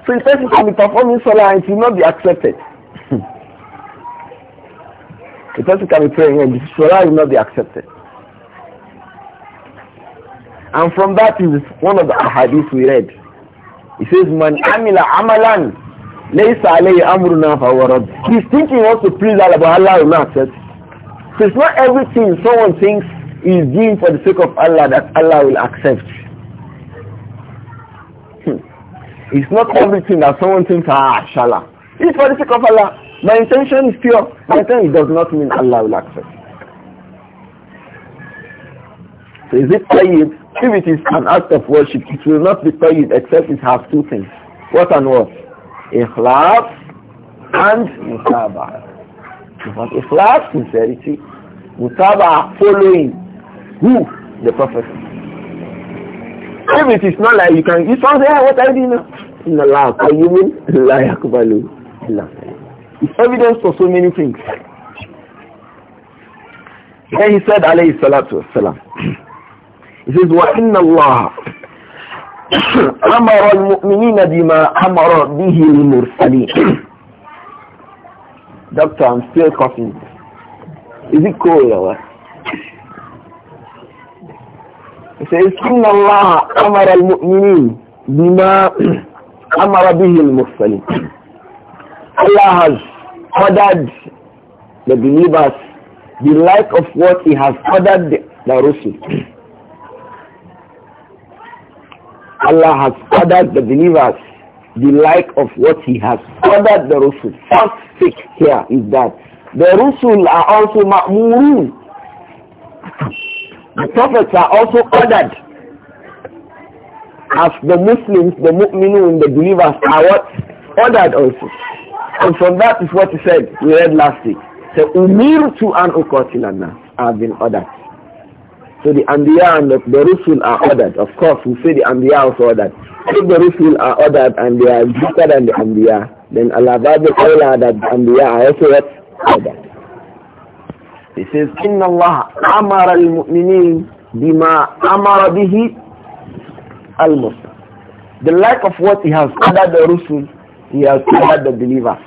So the person can be performing salah it will not be accepted. The person can be praying and the salah will not be accepted. And from that is one of the hadith we read. It says, Man amila amalan laysa alayhi amruna fawarad. He's thinking also please Allah, but Allah will not accept. So it's not everything someone thinks is doing for the sake of Allah that Allah will accept. Hmm. it's not everything that someone thinks, ah, shala. If for the sake of Allah, my intention is pure, my intention does not mean Allah will accept. So is it tayyid? If it is an act of worship, it will not be tayyid except it has two things. What and what? Ikhlas and mutabah. But ikhlas, sincerity. Mutabah, following. Who? The Prophet. If it is not like you can, you say, hey, ah, what I do now? In Allah, qayyumun la yakbalu. It's evidence for so many things. Then he said, alayhi salatu wasalam, he says, وَإِنَّ اللَّهَ أَمَرَ الْمُؤْمِنِينَ بِمَا أَمَرَ بِهِ الْمُرْسَلِينَ Doctor, I'm still coughing. Is it cold or what? He says, إِنَّ اللَّهَ أَمَرَ الْمُؤْمِنِينَ بِمَا أَمَرَ بِهِ الْمُرْسَلِينَ Allah has ordered the believers the like of what he has ordered the, the Rusul. Allah has ordered the believers the like of what he has ordered the Rusul. First thing here is that the Rusul are also ma'murun. The prophets are also ordered. As the Muslims, the mu'minun, the believers are what? Ordered also. And from that is what he said, we read last week. So, Umir to an ukotilana have been ordered. So the Anbiya and the, the Rusul are ordered. Of course, we say the Anbiya also ordered. If the Rusul are ordered and they are greater than the Anbiya, then Allah Ta'ala that the Anbiya are also ordered. He says, إِنَّ اللَّهَ أَمَرَ الْمُؤْمِنِينَ بِمَا أَمَرَ بِهِ الْمُسْلِمِينَ The like of what he has ordered the Rusul, he has covered the believers.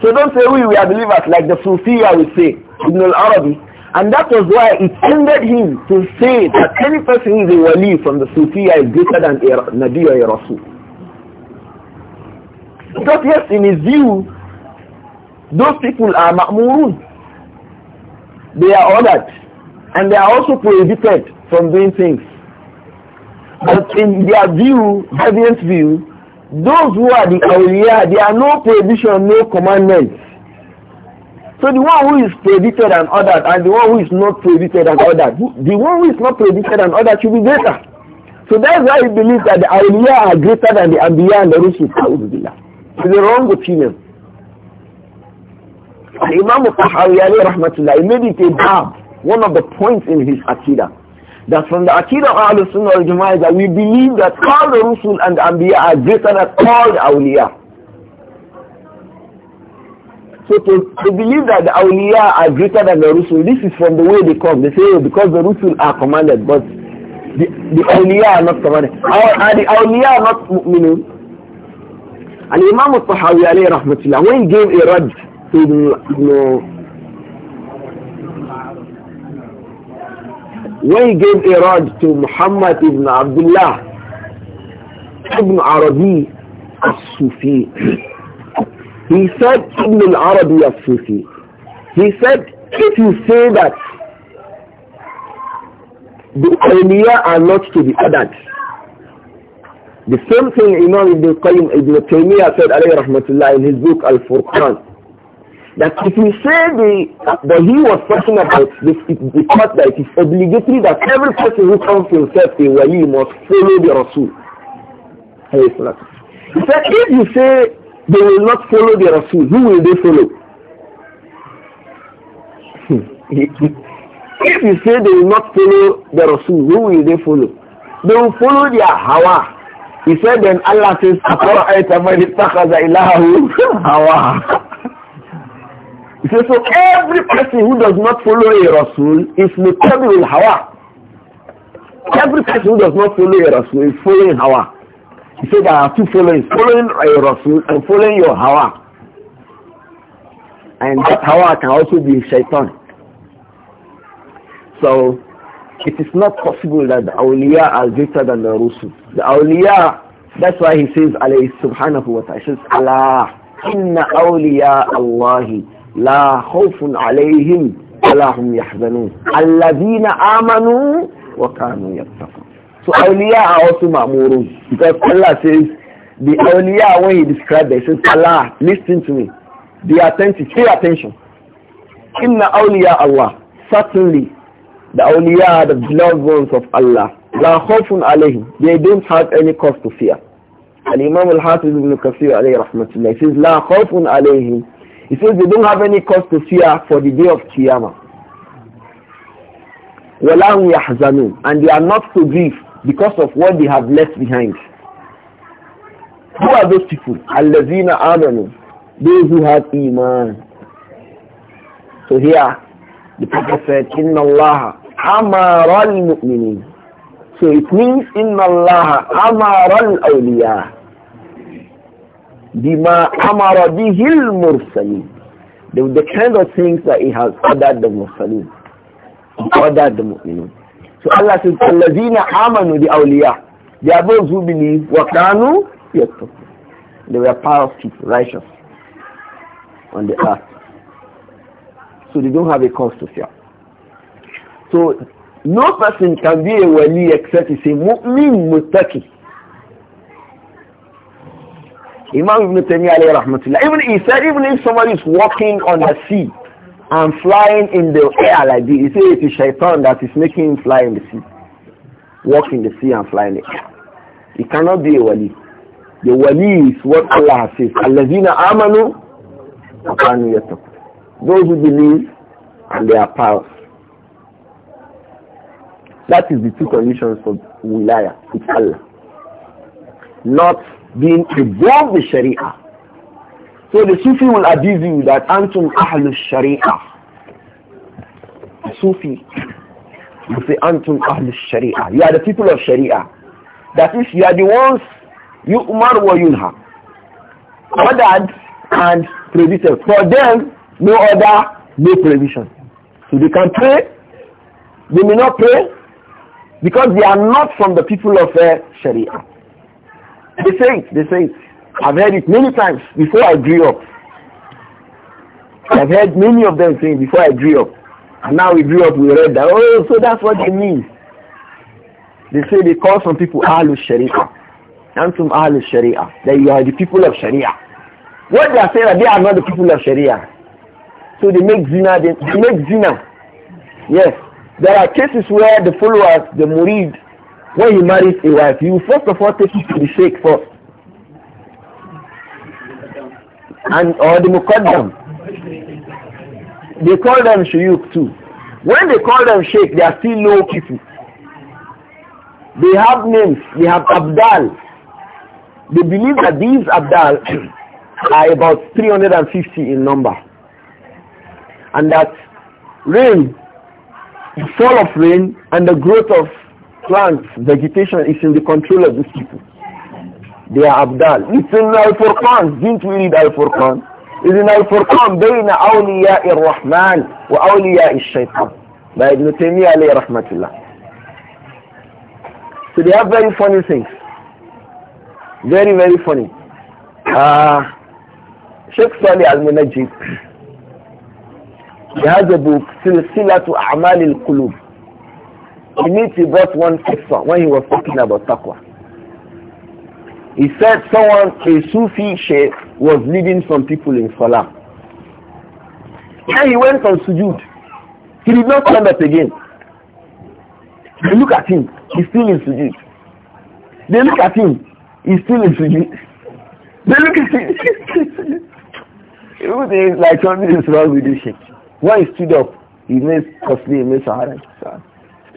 So don't say we, we are believers like the Sufiya will say, in al Arabic, And that was why it tended him to say that any person who is a wali from the Sufiya is greater than a Nabi or a Rasul. Because yes, in his view, those people are ma'murun. They are ordered. And they are also prohibited from doing things. But in their view, deviant view, those who are the awliya, there are no prohibition, no commandment. So the one who is prohibited and ordered and the one who is not prohibited and ordered, the one who is not prohibited and ordered should be greater. So that's why we believe that the awliya are greater than the ambiya and the rusul. It's the wrong opinion. Imam Tahawi alayhi rahmatullah, he made it a bab, one of the points in his akidah. That from the Akid of Ahlul Sunnah al Jama'ah that we believe that all the Rusul and the Anbiya are greater than all the Awliya. So to, to believe that the Awliya are greater than the Rusul, this is from the way they come. They say oh, because the Rusul are commanded, but the, the Awliya are not commanded. Are, are the Awliya not Mu'minun? And Imam al-Tahawi alayhi rahmatullah, when he gave a raj to Ibn, When he gave rod to Muhammad ibn Abdullah ibn Arabi al-Sufi, he said ibn al-Arabi al-Sufi, he said, if you say that the awliya are not to be added, the same thing Imam Ibn Qayyim Ibn Taymiyyah said alayhi rahmatullah in his book Al-Furqan, that if we say the, that he was talking about the, the fact that it is obligatory that every person who comes to himself a wali must follow the Rasul. He said, if you say they will not follow the Rasul, who will they follow? if you say they will not follow the Rasul, who will they follow? They will follow their Hawa. He said then Allah says, أَقَرَأَيْتَ مَنِ اتَّخَذَ إِلَهَهُ هَوَاهُ he says, so every person who does not follow a Rasul is following Hawa. Every person who does not follow a Rasul is following Hawa. He said there are two followings, following a Rasul and following your Hawa. And that Hawa can also be Shaitan. So it is not possible that the awliya are greater than the Rasul. The awliya, that's why he says alayhi subhanahu wa ta'ala, Allah, inna awliya Allahi لا خوف عليهم ولا هم يحزنون الذين آمنوا وكانوا يتقون So awliya are also ma'murun because Allah says the awliya when he describes them, he says Allah listen to me be attentive pay attention inna awliya Allah certainly the awliya are the beloved ones of Allah la khawfun alayhim they don't have any cause to fear al-imam al-hafiz ibn kathir alayhi rahmatullah says la khawfun alayhim he says they don't have any cause to fear for the day of Qiyamah. وَلَهُمْ يَحْزَنُونَ And they are not to grieve because of what they have left behind. Who are those people? الَّذِينَ آمَنُوا Those who have Iman. So here, the Prophet said, Inna اللَّهَ أَمَرَ الْمُؤْمِنِينَ So it means, Inna اللَّهَ أَمَرَ الْأَوْلِيَاءَ bima amara bihil mursalin. The, the kind of things that he has ordered the mursalin. Ordered the mu'minun. So Allah says, Allazina amanu the awliya. They are those who believe, wakanu yattaqun. They were pious people, righteous on the earth. So they don't have a cause to fear. So no person can be a wali except he's a mu'min muttaqi. Imam Ibn Taymiyyah even he said, even if somebody is walking on the sea and flying in the air like this, he said it is shaitan that is making him fly in the sea. Walk in the sea and fly in the air. It cannot be a wali. The wali is what Allah says. Allazina amanu Those who believe and they are pious. That is the two conditions for wilaya. It's Allah. Not being above the Sharia. So the Sufi will abuse you that Antum Ahlul Sharia. The Sufi will say Antum Ahlul Sharia. You are the people of Sharia. That is, you are the ones, you Umar wa Yunha. Ordered and prohibited. For them, no order, no prohibition. So they can pray, they may not pray, because they are not from the people of uh, Sharia. They say it, they say it. I've heard it many times before I grew up. I've heard many of them saying before I grew up. And now we grew up, we read that, oh, so that's what they mean. They say they call some people Ahlul Sharia. some Ahlul Sharia. That you are the people of Sharia. What they are saying that they are not the people of Sharia. So they make zina, they, they make zina. Yes. There are cases where the followers, the murid, when you marry a wife, you first of all take it to the sheikh first. And or the mukaddam. They call them shuyuk too. When they call them sheikh, they are still low people. They have names, they have abdal. They believe that these abdal are about 350 in number. And that rain, the fall of rain and the growth of plants, vegetation is in the control of these people. They are abdal. It's in Al-Furqan. Didn't we read Al-Furqan? It's in Al-Furqan. بين أولياء الرحمن وأولياء الشيطان. By Ibn Taymiyyah alayhi rahmatullah. So they have very funny things. Very, very funny. Uh, Sheikh Salih al-Munajjid, he has a book, Silsilatu A'mal al-Qulub. He it, he brought one extra when he was talking about taqwa. He said someone, a Sufi sheikh, was leading some people in Salah. Then he went on sujud. He did not stand up again. They look at him, he's still in sujud. They look at him, he's still in sujud. They look at him. Everything is like something is wrong with this sheikh. When he stood up, he made costly, he made Sahara.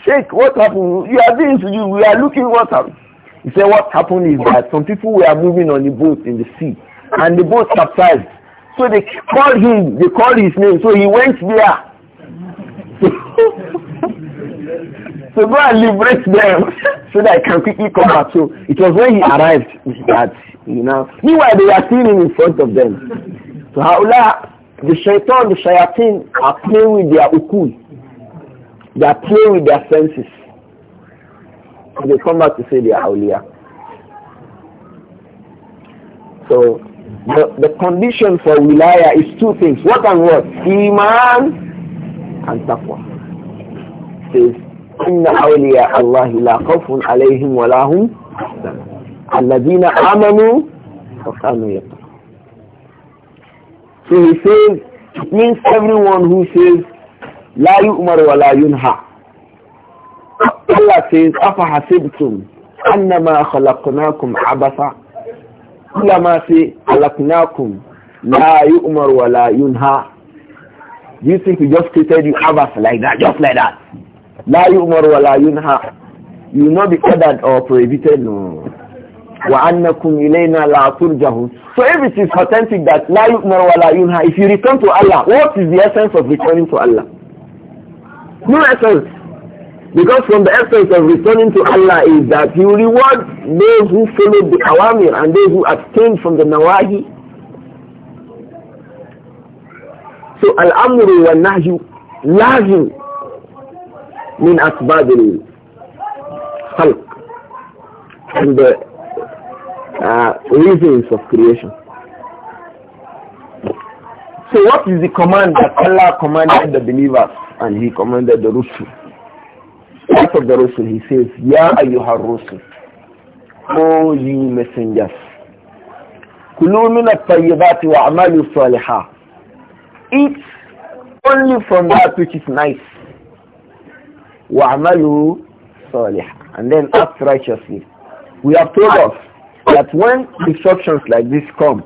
Check what happened? You are doing to you. We are looking what happened. He said, what happened is that some people were moving on the boat in the sea, and the boat capsized. So they called him, they called his name, so he went there. so go and liberate them so that I can quickly come back. So it was when he arrived that, you know, meanwhile they are sitting in front of them. So Haula, the shaitan, the shayateen are playing with their ukul. They are playing with their senses. And they come back to say they are awliya. So the, the condition for wilaya is two things. What and what? Iman and taqwa. Says, إن أولياء الله لا خوف عليهم ولا هم الذين آمنوا وكانوا يتقون. So he says, it means everyone who says la yu'mar wa la yunha Allah says afa hasibtum annama khalaqnakum abasa Allah ma say khalaqnakum la yu'mar wa la yunha you think we just created you abas like that just like that la yu'mar wa la yunha you will not be ordered or prohibited no وَأَنَّكُمْ إِلَيْنَا لَا تُرْجَهُونَ So if it is authentic that لَا يُؤْمَرُ وَلَا يُنْهَى If you return to Allah, what is the essence of returning to Allah? No essence. Because from the essence of returning to Allah is that He will reward those who followed the awamir and those who abstain from the nawahi. So al-amru wa nahyu lazim min asbab al-khalq and the uh, reasons of creation. So what is the command that Allah commanded the believers? and he commanded the Rusul. Part of the Rusul, he says, Ya ayyuha Rusul, O ye messengers, Kulu min at-tayyibati wa amalu salihah. Eat only from that which is nice. Wa amalu salihah. And then act righteously. We have told us that when instructions like this come,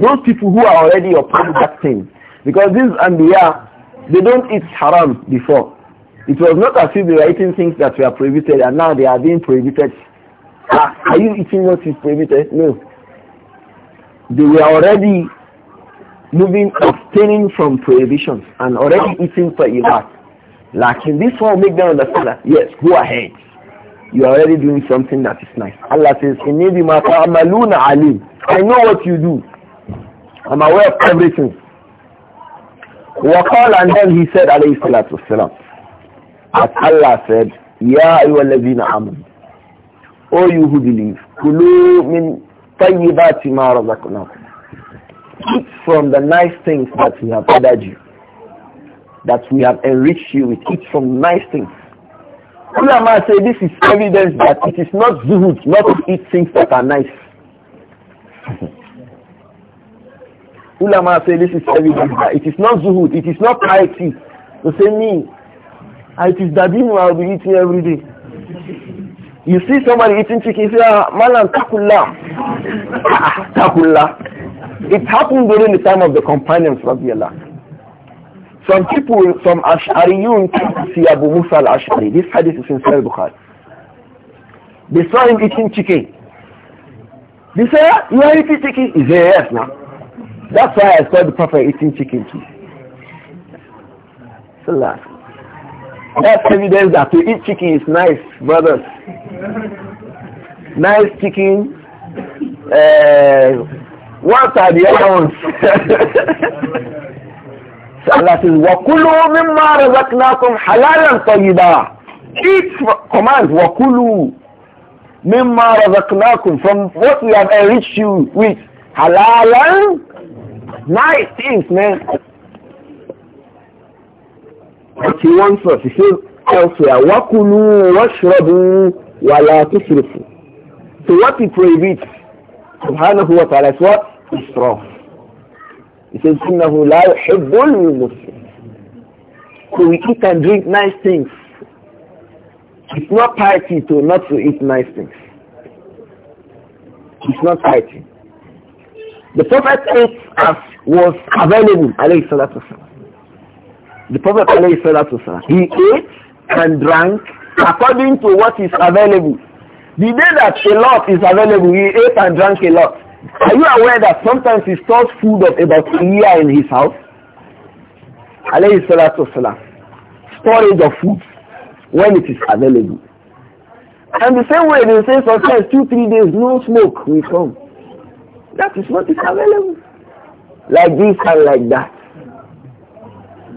those people who are already upon that thing, because these Anbiya, they don't eat haram before. It was not as if they were eating things that were prohibited and now they are being prohibited. Are, ah, are you eating what is prohibited? No. They were already moving, abstaining from prohibitions and already eating for Iraq. Like in this one, make them understand that, yes, go ahead. You are already doing something that is nice. Allah says, Inni bima ta'amaluna alim. I know what you do. I'm aware of everything. وقال and then he said عليه الصلاة والسلام as Allah said يا أيها الذين آمنوا O you who believe كلوا من طيبات ما رزقناكم Eat from the nice things that we have added you that we have enriched you with eat from nice things Ulama say this is evidence that it is not zuhud not to eat things that are nice Ulama say this is evidence. It is not zuhud. It is not piety. The say me, it is dadinu I'll be eating every day. You see somebody eating chicken, you say, ah, malam takullah. takullah. It happened during the time of the companions, Rabbiallah. Some people, some Ash'ariyun came to see Abu Musa al-Ash'ari. This hadith is in Sahih Bukhari. They saw him eating chicken. They say ah, you are eating chicken? He said, yes, now. That's why I saw the Prophet eating chicken too. Salah. That's evidence that to eat chicken is nice, brothers. Nice chicken. Uh, what are the other ones? so Allah says, وَكُلُوا مِمَّا رَزَقْنَاكُمْ حَلَالًا طَيِّبًا Eat, command, وَكُلُوا مِمَّا رَزَقْنَاكُمْ From what we have enriched you with, halalan Nice things, man. What he wants us, he says elsewhere, وَكُلُوا وَاشْرَبُوا وَلَا تُسْرِفُوا So what he prohibits, subhanahu wa ta'ala, is what? Israf. He says, إِنَّهُ لَا يُحِبُّ الْمُسْرِفِ So we eat and drink nice things. It's not piety to not to eat nice things. It's not piety. The Prophet ate as was available, alayhi salatu The Prophet, alayhi salatu he ate and drank according to what is available. The day that a lot is available, he ate and drank a lot. Are you aware that sometimes he stores food of about a year in his house? Alayhi salatu Storage of food when it is available. And the same way they say sometimes two, three days, no smoke will come. That is what is available like this and like that.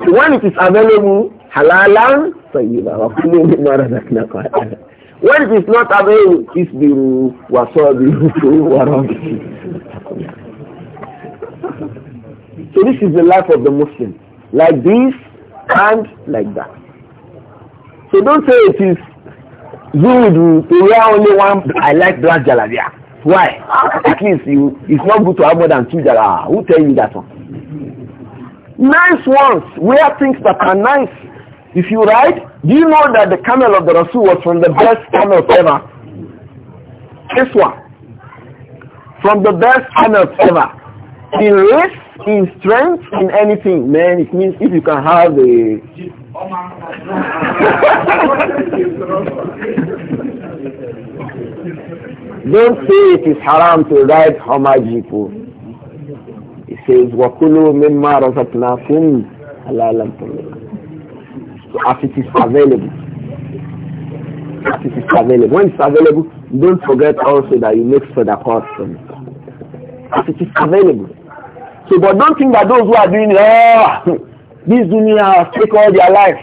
when it is available, halal tayyiba, wa kullu mimma When it is not available, isbiru wa sabiru So this is the life of the Muslim. Like this and like that. So don't say it is good to wear only one, I like black jalabia. Why? At least you, it's not good to have more than two jara. Who tell you that one? Nice ones. Wear things that are nice. If you ride, do you know that the camel of the Rasul was from the best camels ever? This one. From the best camels ever. In race, in strength, in anything, man, it means if you can have a... Don't say it is haram to write Hama Jipu. He says, وَكُلُوا مِمَّا رَزَقْنَاكُمْ حَلَالًا طَيِّبًا So as it is available. As it is available. When it's available, don't forget also that you make sadaqah from it. As it is available. So, but don't think that those who are doing, ah, oh, these dunya take all their life.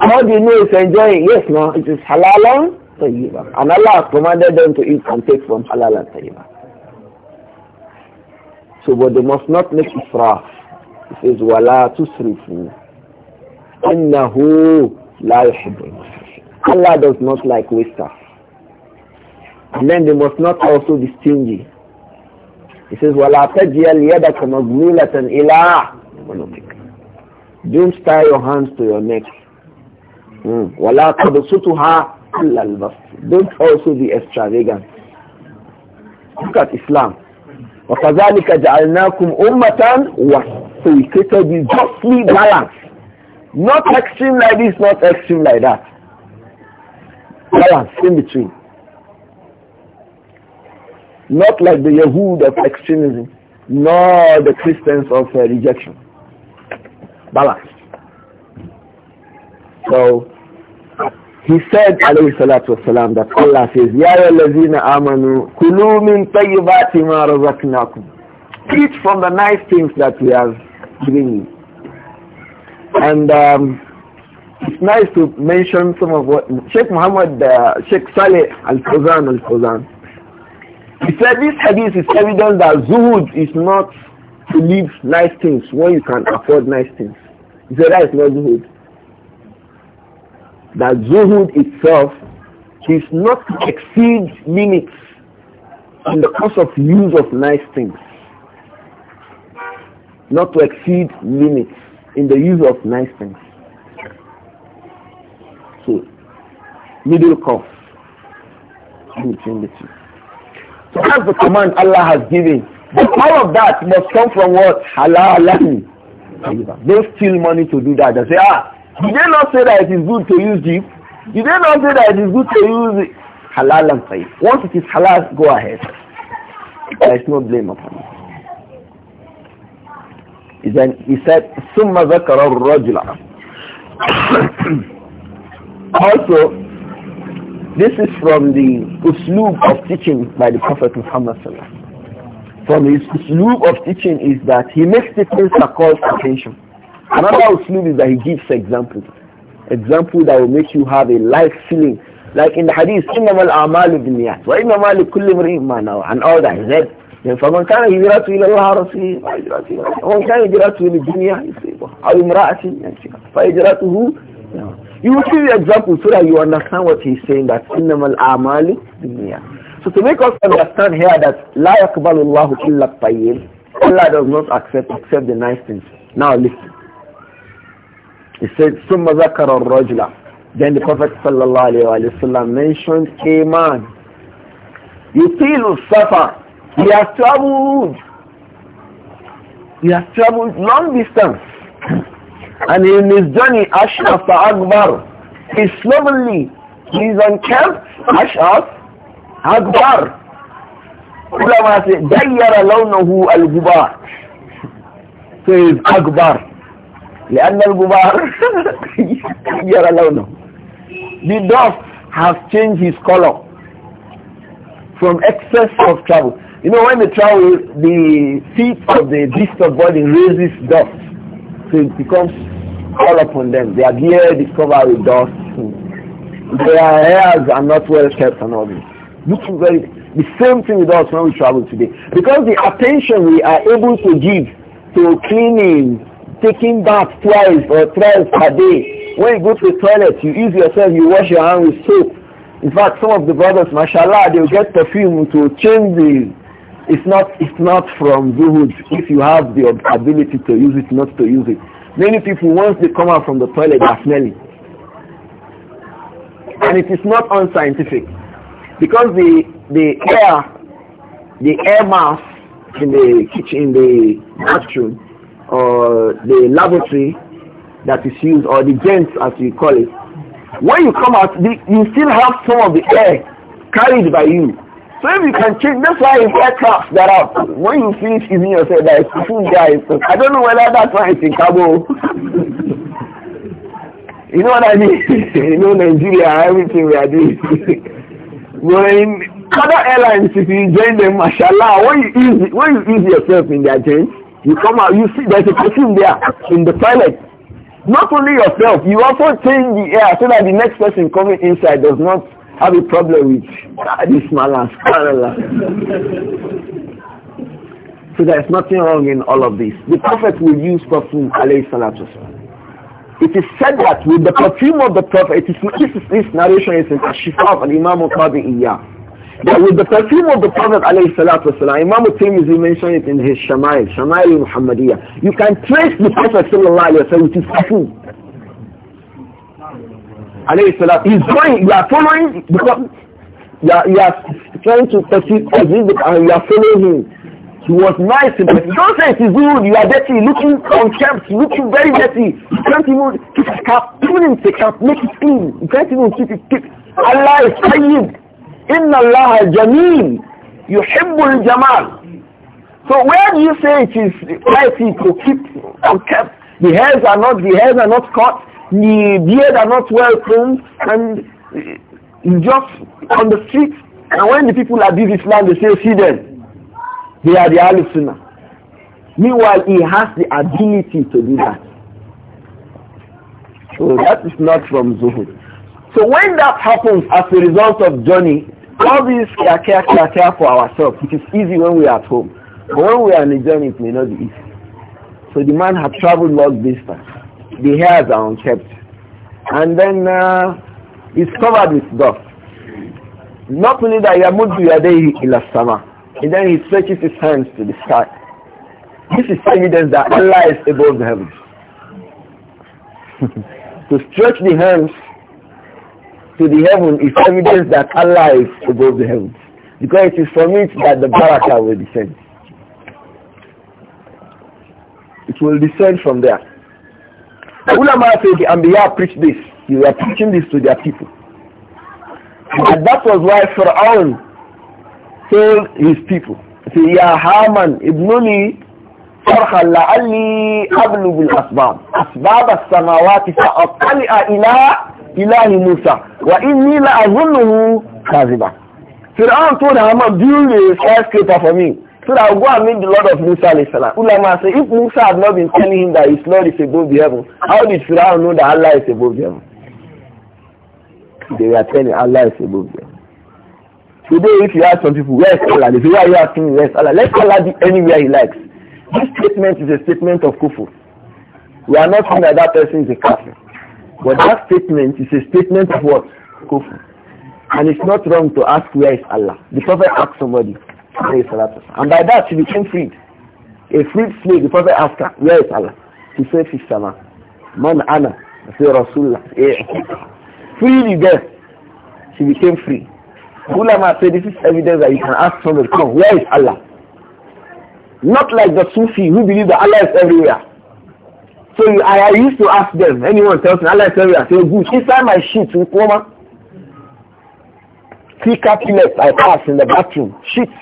All they know is enjoying. Yes, no, it is halal tayyiba. And Allah commanded them to eat and take from halal and tayyiba. So, but they must not make israf. He says, وَلَا تُسْرِفُوا إِنَّهُ لَا يُحِبُّ Allah does not like wasters. And then they must not also be stingy. He says, وَلَا تَجْيَلْ يَدَكَ مَغْلُولَةً إِلَىٰ مَنُوتِكَ Don't tie your hands to your neck. وَلَا hmm. تَبْسُطُهَا don't also be extravagant. Look at Islam. وَكَذَلِكَ جَعَلْنَاكُمْ أُمَّةً وَسْطًا So we created you justly balanced. Not extreme like this, not extreme like that. Balance in between. Not like the Yahud of extremism, nor the Christians of uh, rejection. Balance. So he said, alayhi salatu wasalam, that Allah says, Ya lazina amanu, kulu min tayyibati ma Eat from the nice things that we have given you. And um, it's nice to mention some of what Sheikh Muhammad, uh, Sheikh Saleh Al-Fuzan Al-Fuzan. He said this hadith is evidence that zuhud is not to leave nice things when you can afford nice things. He said that is not zuhud that zuhud itself is not to exceed limits in the course of use of nice things. Not to exceed limits in the use of nice things. So, middle course between the two. So that's the command Allah has given. The all of that must come from what? Halal. Don't steal money to do that. They say, ah, did they not say that it is good to use jeep? Did they not say that it is good to use halal and tayyib? Once it is halal, go ahead. There is no blame upon you. Then he said, ثم ذكر الرجل Also, this is from the uslub of teaching by the Prophet Muhammad From his uslub of teaching is that he makes things that call attention. Another uslub is that he gives examples. Example that will make you have a life feeling. Like in the hadith, إِنَّمَا الْأَعْمَالُ بِالنِّيَّاتِ وَإِنَّمَا لِكُلِّ مْرِئٍ مَا نَوَى And all that. He said, فمن كان هجرته الى الله ورسوله فهجرته الى الله ومن كان هجرته للدنيا يصيبها او امراه ينسيها فهجرته You will see the example so that you understand what he's saying that innamal amali dunya. So to make us understand here that la yakbalu Allahu illa tayyib, Allah does not accept except the nice things. Now listen. He said, Summa zakar al-rajla. Then the Prophet sallallahu alayhi wa mentioned a man. You feel suffer. He has traveled. He has traveled long distance. And in his journey, Ashraf al Akbar, he slovenly, he is unkempt, Ashraf, Akbar. Ulama say, Dayyara launahu al-gubar. So he is لأن الغبار يرى لونه the dust has changed his color from excess of travel you know when they travel the feet of the beast of burden raises dust so it becomes all upon them their gear is covered with dust their hairs are not well kept and all this looking very the same thing with us when we travel today because the attention we are able to give to cleaning taking bath twice or thrice a day. When you go to the toilet, you use yourself, you wash your hand with soap. In fact, some of the brothers, mashallah, they'll get perfume to change the... It's not, it's not from zuhud if you have the ability to use it, not to use it. Many people, once they come out from the toilet, they're smelly. And it is not unscientific. Because the, the air, the air mass in the kitchen, in the bathroom, or uh, the lavatory that is used or the vents as we call it, when you come out, the, you still have some of the air carried by you. So if you can change, that's why in aircraft that are, when you finish using yourself, that is food guys I don't know whether that's why it's in Cabo. you know what I mean? you know Nigeria, everything we are doing. but in other airlines, if you join them, mashallah, when you use, when you use yourself in their change you come out, you see there's a perfume there in the toilet. Not only yourself, you also change the air so that the next person coming inside does not have a problem with ah, this smell. so there's nothing wrong in all of this. The Prophet will use perfume, alayhi salatu It is said that with the perfume of the Prophet, it is, this, this narration is in Ashifa of Imam Qabi Iyah but with the perfume of the Prophet alayhi salatu wasalam, Imam al-Tirmidhi mentioned it in his Shama'il, Shama'il Muhammadiyah. You can trace the Prophet sallallahu alayhi wasallam with his perfume. Alayhi salatu He's going, you are following, because you are, trying to perceive as and you are following him. He was nice, but don't say it is good, you are dirty, looking contempt, looking very dirty. You can't even keep a cap, even if it's a cap, make it clean. You can't even keep it, keep. Allah is clean. Inna Allah Jameel. Yuhibbul Jamal. So where do you say it is righty to keep or kept? The hairs are not, the hairs are not cut, the beard are not well combed, and just on the street. And when the people abuse Islam, they say, see them. They are the Ahlul Sunnah. Meanwhile, he has the ability to do that. So that is not from Zuhud. So when that happens as a result of journey, all these care, care, care, care for ourselves, it is easy when we are at home. But when we are in a journey, it may not be easy. So the man had traveled long distance. The hairs are unkept, And then uh, it's covered with dust. Not only that, Yamudu the Ilasama. And then he stretches his hands to the sky. This is evidence that Allah is above the heavens. to stretch the hands to the heaven is evidence that Allah is above the heavens. Because it is from it that the barakah will descend. It will descend from there. The ulama said the Anbiya preached this. They were preaching this to their people. And that was why Fir'aun told his people, say, Ya Haman, ibnuni فرخا bil asbab asbab as samawati فأطلع ila. ilahi Musa wa inni la azunnuhu kaziba. Fir'aun told Haman, build a skyscraper for me so that go and meet the Lord of Musa alayhi salam. Ulama say, if Musa had not been telling him that his Lord is above the heaven, how did Fir'aun know that Allah is above the heaven? They were telling Allah is above the heaven. Today, if you ask some people, where is Allah? They say, why are you asking me where is Allah? Let Allah be anywhere he likes. This statement is a statement of kufur. We are not saying that that person is a kafir. But that statement is a statement of what? Kufr. And it's not wrong to ask where is Allah. The Prophet asked somebody, and by that she became freed. A freed slave, the Prophet asked her, where is Allah? She said, Fisama. Man ana. I said, Rasulullah. Eh, eh, eh. Freely girl. She became free. Ulama said, this is evidence that you can ask somebody, come, where is Allah? Not like the Sufi who believe that Allah is everywhere. So I, I, used to ask them, anyone tells me, Allah tell you, I say, good, inside my sheets, with woman. Three cabinets I pass in the bathroom, sheets,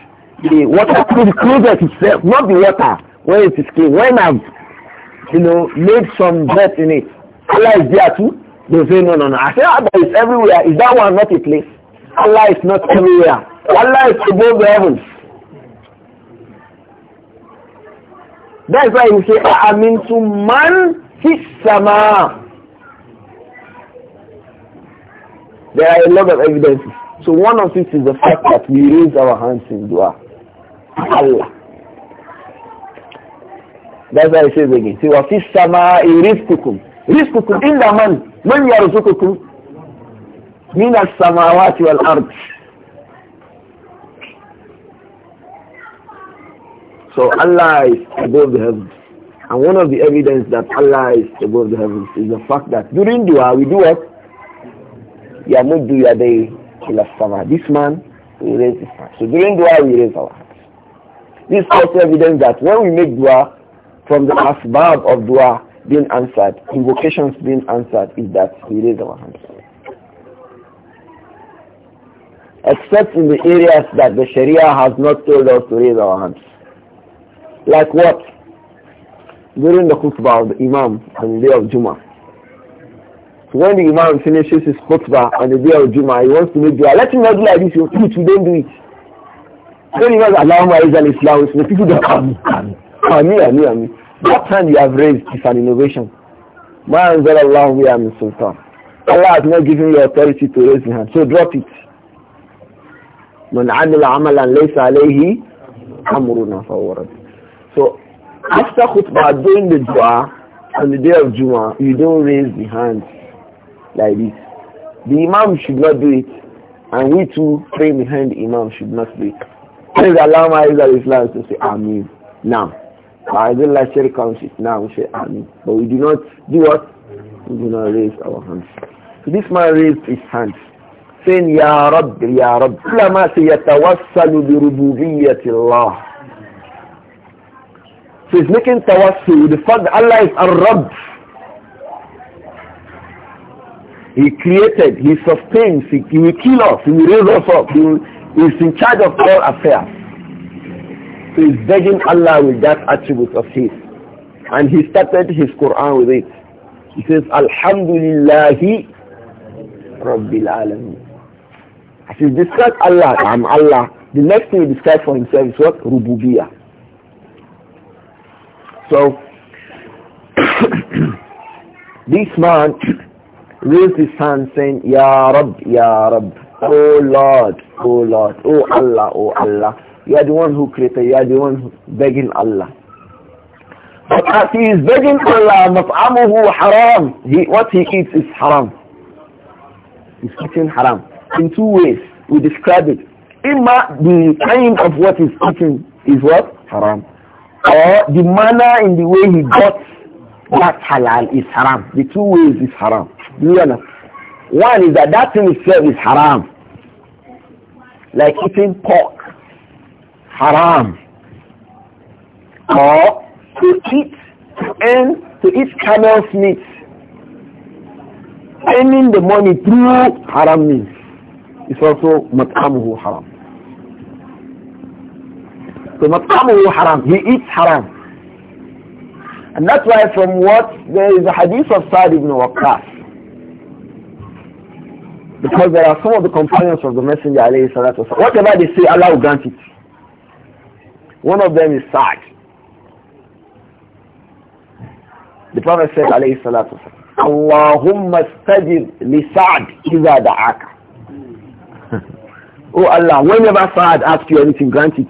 the water through the closet itself, not the water, when it is clean. When I've, you know, made some dirt in it, Allah is there too. They say, no, no, no. I say, Allah is everywhere. Is that one not a place? Allah is not everywhere. Allah is above the heavens. That's why you say, oh, I'm into man his summer. There are a lot of evidences. So one of these is the fact that we raise our hands in dua. Allah. That's why I says it again. See, what is sama irizkukum? Irizkukum in the man. Man yarizukukum? Min as-samawati wal-ardh. So Allah is above the heavens. And one of the evidence that Allah is above the heavens is the fact that during dua we do what? Yamuddu yaday ilastama. This man, we raise his hand. So during dua we raise our hands. This is also evidence that when we make dua, from the asbab of dua being answered, invocations being answered, is that we raise our hands. Except in the areas that the Sharia has not told us to raise our hands. Like what? During the khutbah of the Imam on the day of Jummah. So when the Imam finishes his khutbah on the day of Jummah, he wants to make dua. Let him not do like this, you eat, you don't do it. Then he says, Allahumma is an Islam, so people don't come. come ami, ah, ami. Ah, ah, that hand you have raised is an innovation. Man, Allah, we are Sultan. Allah has not given you authority to raise your hand, so drop it. من عمل amalan ليس عليه أمرنا فهو رد so after khutbah, during the dua, on the day of Juma, you don't raise the hands like this. The Imam should not do it. And we too, praying behind the Imam, should not do it. Please Allah, Ma'izah al-Islam, to say Ameen. Now, I Ma'izullah Shaykh comes it now, we say Ameen. But we do not do what? We do not raise our hands. So this man raised his hands, saying, Ya Rabb, Ya Rabb. Ulama say, يتوسل بربوبية الله. So he's making tawassul the fact that Allah is Ar-Rabb. He created, He sustains, he, he, will kill us, He will raise us up, he, will, is in charge of all affairs. So he's begging Allah with that attribute of His. And he started his Quran with it. He says, Alhamdulillahi Rabbil alamin." As he describes Allah, I'm Allah. The next thing he describes for himself is what? Rububiyah. So this man raised his hand saying, Ya Rab, Ya Rab, Oh Lord, Oh Lord, Oh Allah, Oh Allah. You are the one who created, you are the one begging Allah. But as he is begging Allah, مطعمه haram. He, what he eats is haram. He's eating haram. In two ways, we describe it. Imma the kind of what he's eating is what? Haram or the manner in the way he got that halal is haram. The two ways is haram. Do you understand? One is that that thing itself is haram. Like eating pork, haram. Or to eat and to eat camel's meat, earning the money through haram means. It's also matamuhu haram. So mat'amuhu haram. He eats haram. And that's why from what there is a hadith of Sa'd ibn Waqqas. Because there are some of the companions of the Messenger alayhi salatu Whatever they say, Allah will grant it. One of them is Sa'd. The Prophet said alayhi salatu Allahumma stajib li Sa'd iza da'aka. oh Allah, whenever Sa'd asks you anything, grant it.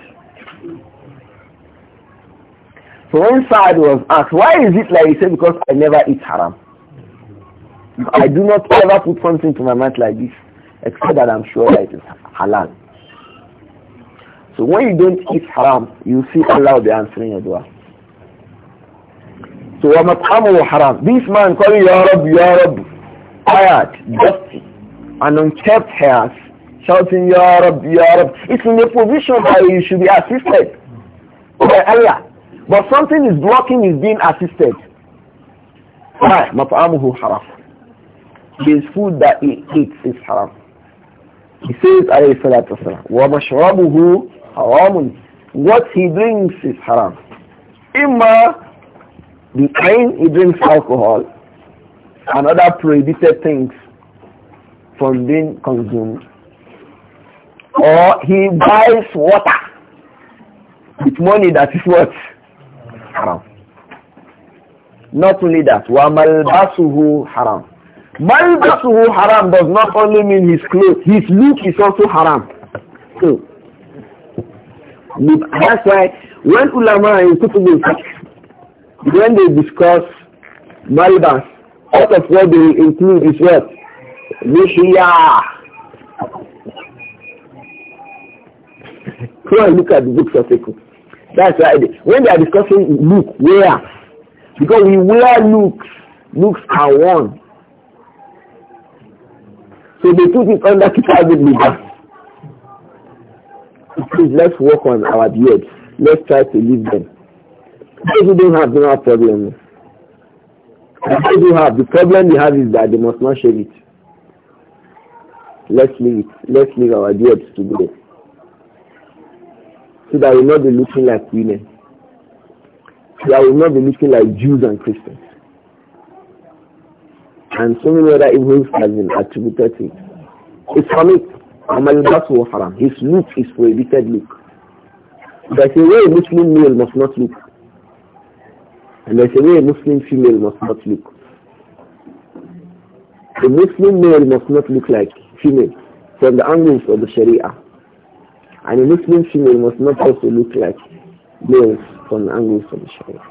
So when Saad was asked, ah, why is it like he said, because I never eat haram. I do not ever put something to my mouth like this, except that I'm sure that it is halal. So when you don't eat haram, you see Allah will be answering your dua. So وَمَطْعَمُهُ haram. This man calling Ya Rab, Ya tired, dusty, and unkept hairs, shouting Ya Rab, Ya It's in a position where you should be assisted by Allah. But something is blocking his being assisted. Why? haram. His food that he eats is haram. He says, alayhi salatu wasalam, What he drinks is haram. Imma, the kind he drinks alcohol, and other prohibited things from being consumed. Or he buys water with money that is what? haram. Not only that, wa malbasuhu haram. Malbasuhu haram does not only mean his clothes, his look is also haram. So, that's why when ulama in Kutubul when they discuss malbas, out of what they include is what? Lihiyah. Come and look at the books of Ekut. That's why they, when they are discussing look, where? Because we wear looks. Looks are one. So they put it under Kitabul Lidah. Please, let's work on our beards. Let's try to leave them. Those who don't have no problem. Those who have, the problem they have is that they must not shave it. Let's leave it. Let's leave our beards to go so that we will not be looking like women. So that we will not be looking like Jews and Christians. And so many other evils have been attributed to it. Islamic, Amal Basu Haram, his look is prohibited look. There's a way a Muslim male must not look. And there's a way a Muslim female must not look. The Muslim male must not look like female from the angles of the Sharia. And a Muslim female must not also look like males from angles of the Sharia.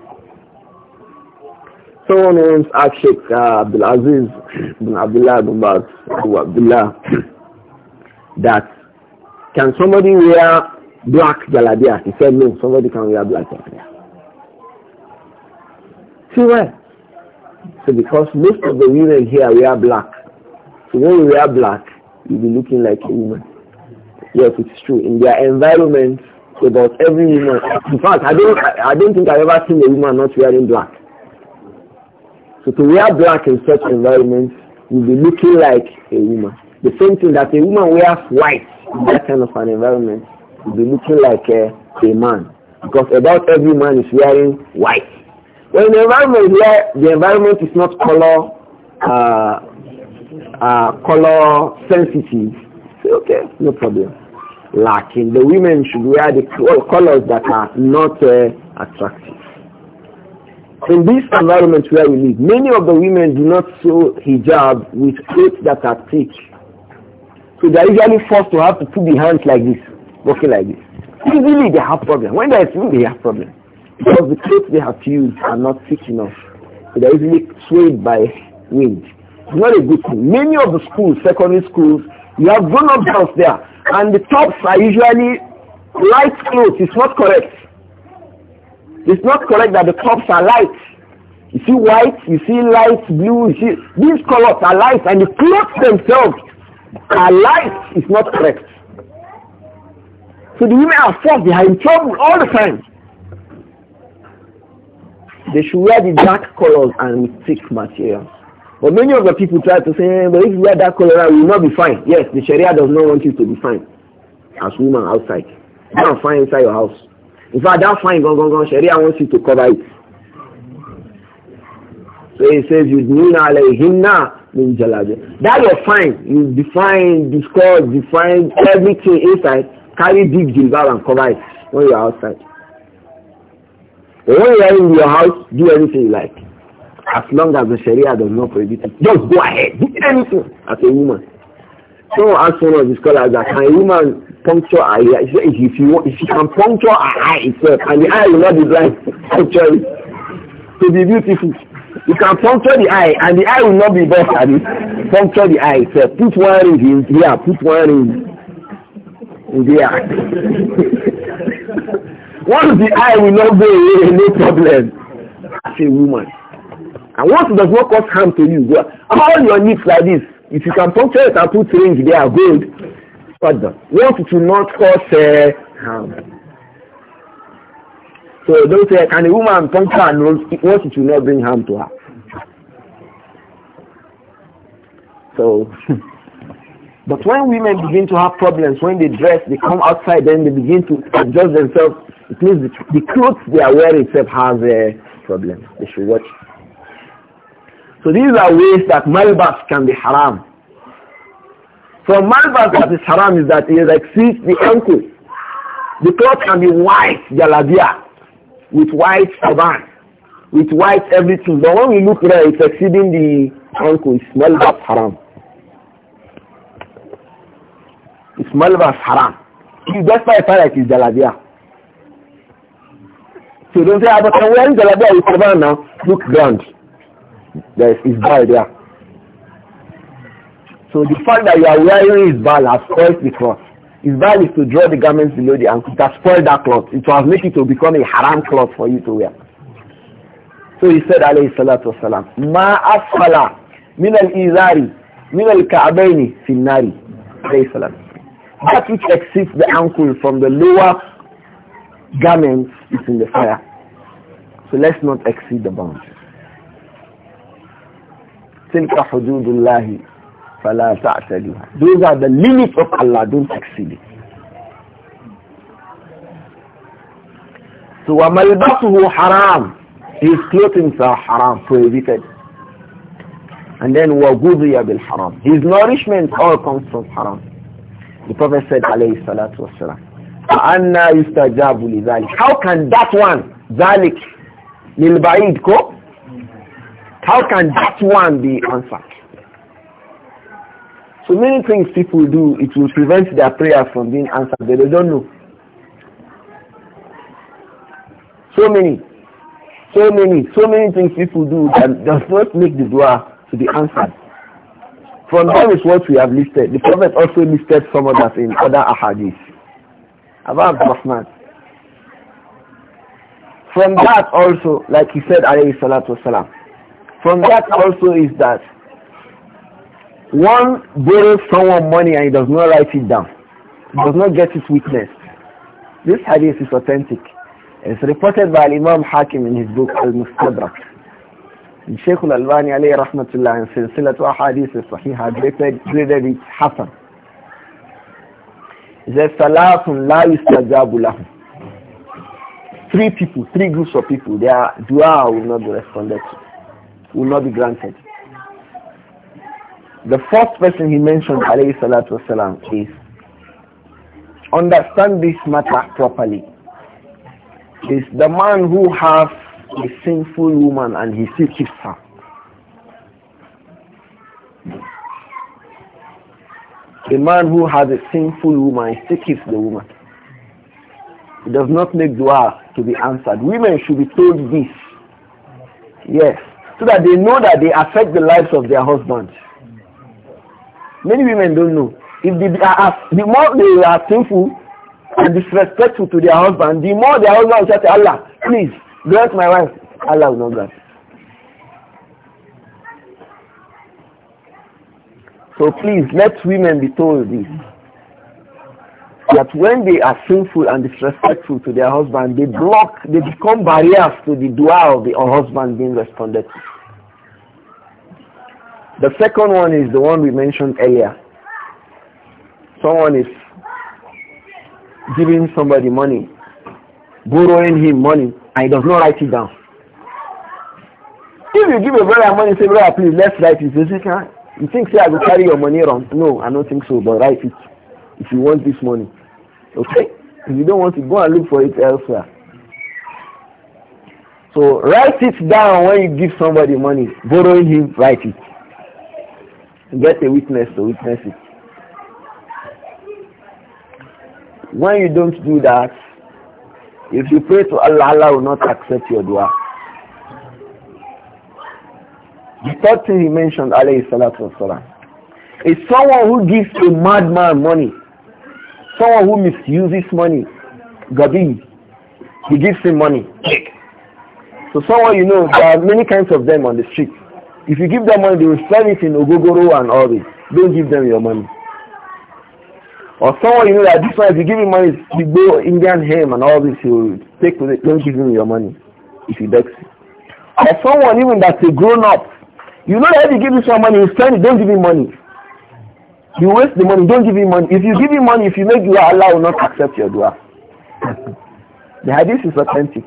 Someone once asked Sheikh uh, Abdul Aziz bin Abdullah bin Baz, Abdullah, that can somebody wear black jalabia? He said no, somebody can wear black jalabia. See why? So because most of the women here wear black. So when you wear black, you'll be looking like a woman. Yes, it's true. In their environment, about every woman. In fact, I don't, I, don't think I've ever seen a woman not wearing black. So to wear black in such environment, you'll be looking like a woman. The same thing that a woman wears white in that kind of an environment, you'll be looking like a, a man. Because about every man is wearing white. When the environment where the environment is not color, uh, uh, color sensitive, say, okay, no problem lacking. The women should wear the colors that are not uh, attractive. In this environment where we live, many of the women do not sew hijab with clothes that are thick. So they are usually forced to have to put the hands like this, working like this. Usually they have problem. When they are they have problem. Because the clothes they have to use are not thick enough. So they are easily swayed by wind. It's not a good thing. Many of the schools, secondary schools, you have grown up there and the tops are usually light clothes. It's not correct. It's not correct that the tops are light. You see white, you see light blue, you see these colors are light and the clothes themselves are light. It's not correct. So the women are forced, they are in trouble all the time. They should wear the dark colors and thick material. But many of the people try to say, eh, but if you wear that color, you will not be fine. Yes, the Sharia does not want you to be fine as woman outside. You are fine inside your house. In fact, that fine Go, go, go. Sharia wants you to cover it. So he says, Yudnina alayhinna min jalaja. That your fine, you define, discuss, define everything inside, carry deep jilbab and cover it when you are outside. But when you are in your house, do anything you like. as long as the Sharia does not prohibit it. Just go ahead, do anything as a woman. So ask one of the scholars that can a woman puncture her eye? If you, want, if she can puncture her eye itself, and the eye will not be blind, puncture it to be beautiful. You can puncture the eye, and the eye will not be best at it. Puncture the eye itself. Put one ring in here, put one ring in there. Once the eye will not go away, no problem. As a woman. And what does not cause harm to you, go, all your needs like this, if you can puncture it and put rings there, good. But What will not cause uh, harm. So don't say, can a woman puncture her nose? What will not bring harm to her? So, but when women begin to have problems, when they dress, they come outside, then they begin to adjust themselves. It means the, the clothes they are wearing itself has a uh, problem. They should watch so these are ways that malbas can be haram. So malbas that is haram is that it exceeds the ankle. The cloth can be white, jalabiya with white turban, with white everything. But when we look there, it's exceeding the ankle. It's malbas haram. It's malbas haram. That's why I find like it's jalabiya. So don't say, ah, but I'm wearing jalabia with turban now. Look grand. There is bad, there. So the fact that you are wearing Isbal has spoiled the cloth. Isbal is to draw the garments below the ankle. It has spoiled that cloth. It has made it to become a haram cloth for you to wear. So he said, alayhi salatu wasalam, ma asfala min al-izari min al-ka'baini fi Alayhi salam. That which exceeds the ankle from the lower garments is in the fire. So let's not exceed the bounds. Those are the limits of Allah, don't exceed it. So وَمَلْبَسُهُ haram. His clothing is haram, prohibited. And then وَغُذِيَ haram? His nourishment all comes from haram. The Prophet said alayhi salatu wasalam, فَأَنَّا يُسْتَجَابُ How can that one, ذَلِكَ لِلْبَعِيدْ ko how can that one be answered? So many things people do, it will prevent their prayers from being answered, but they don't know. So many, so many, so many things people do that does not make the dua to be answered. From that is what we have listed. The Prophet also listed some of that in other ahadith. About Muhammad. From that also, like he said, alayhi salatu wasalam, from that also is that one borrows someone money and he does not write it down, he does not get his witness. This hadith is authentic. It's reported by Imam Hakim in his book Al-Mustadrak. Sheikh Al-Albani alayhi rahmatullah in Silsilat wa Hadith Sahih graded, graded it Hassan. He says, Salatun la Three people, three groups of people, their dua will not be responded to will not be granted. The first person he mentioned, alayhi salatu wasalam, is understand this matter properly. Is the man who has a sinful woman and he still keeps her. The man who has a sinful woman still keeps the woman. It does not make dua to be answered. Women should be told this. Yes so that they know that they affect the lives of their husbands. Many women don't know. If they are, the more they are sinful and disrespectful to their husband, the more their husband will say to Allah, please, grant my wife. Allah will not grant. So please, let women be told this that when they are sinful and disrespectful to their husband, they block, they become barriers to the dua of the husband being responded to. The second one is the one we mentioned earlier. Someone is giving somebody money, borrowing him money, and he does not write it down. If you give a brother money, say, brother, please, let's write it. You think, I will carry your money around? No, I don't think so, but write it if you want this money. Okay? If you don't want it, go and look for it elsewhere. So write it down when you give somebody money. Borrowing him, write it. Get a witness to witness it. When you don't do that, if you pray to Allah, Allah will not accept your dua. The third thing he mentioned, alayhi salatu wasalam, is someone who gives a madman money. Someone who misuses money, Gabi, he gives him money. So someone you know, there are many kinds of them on the street. If you give them money, they will spend it in Ogogoro and all this. Don't give them your money. Or someone you know that this one, if you give him money, you go Indian ham and all this, he will take with it. Don't give him your money if he begs you. Or someone even that's a grown up. You know that if you give him some money, he'll spend it. Don't give him money. You waste the money. Don't give him money. If you give him money, if you make dua, Allah will not accept your dua. the hadith is authentic.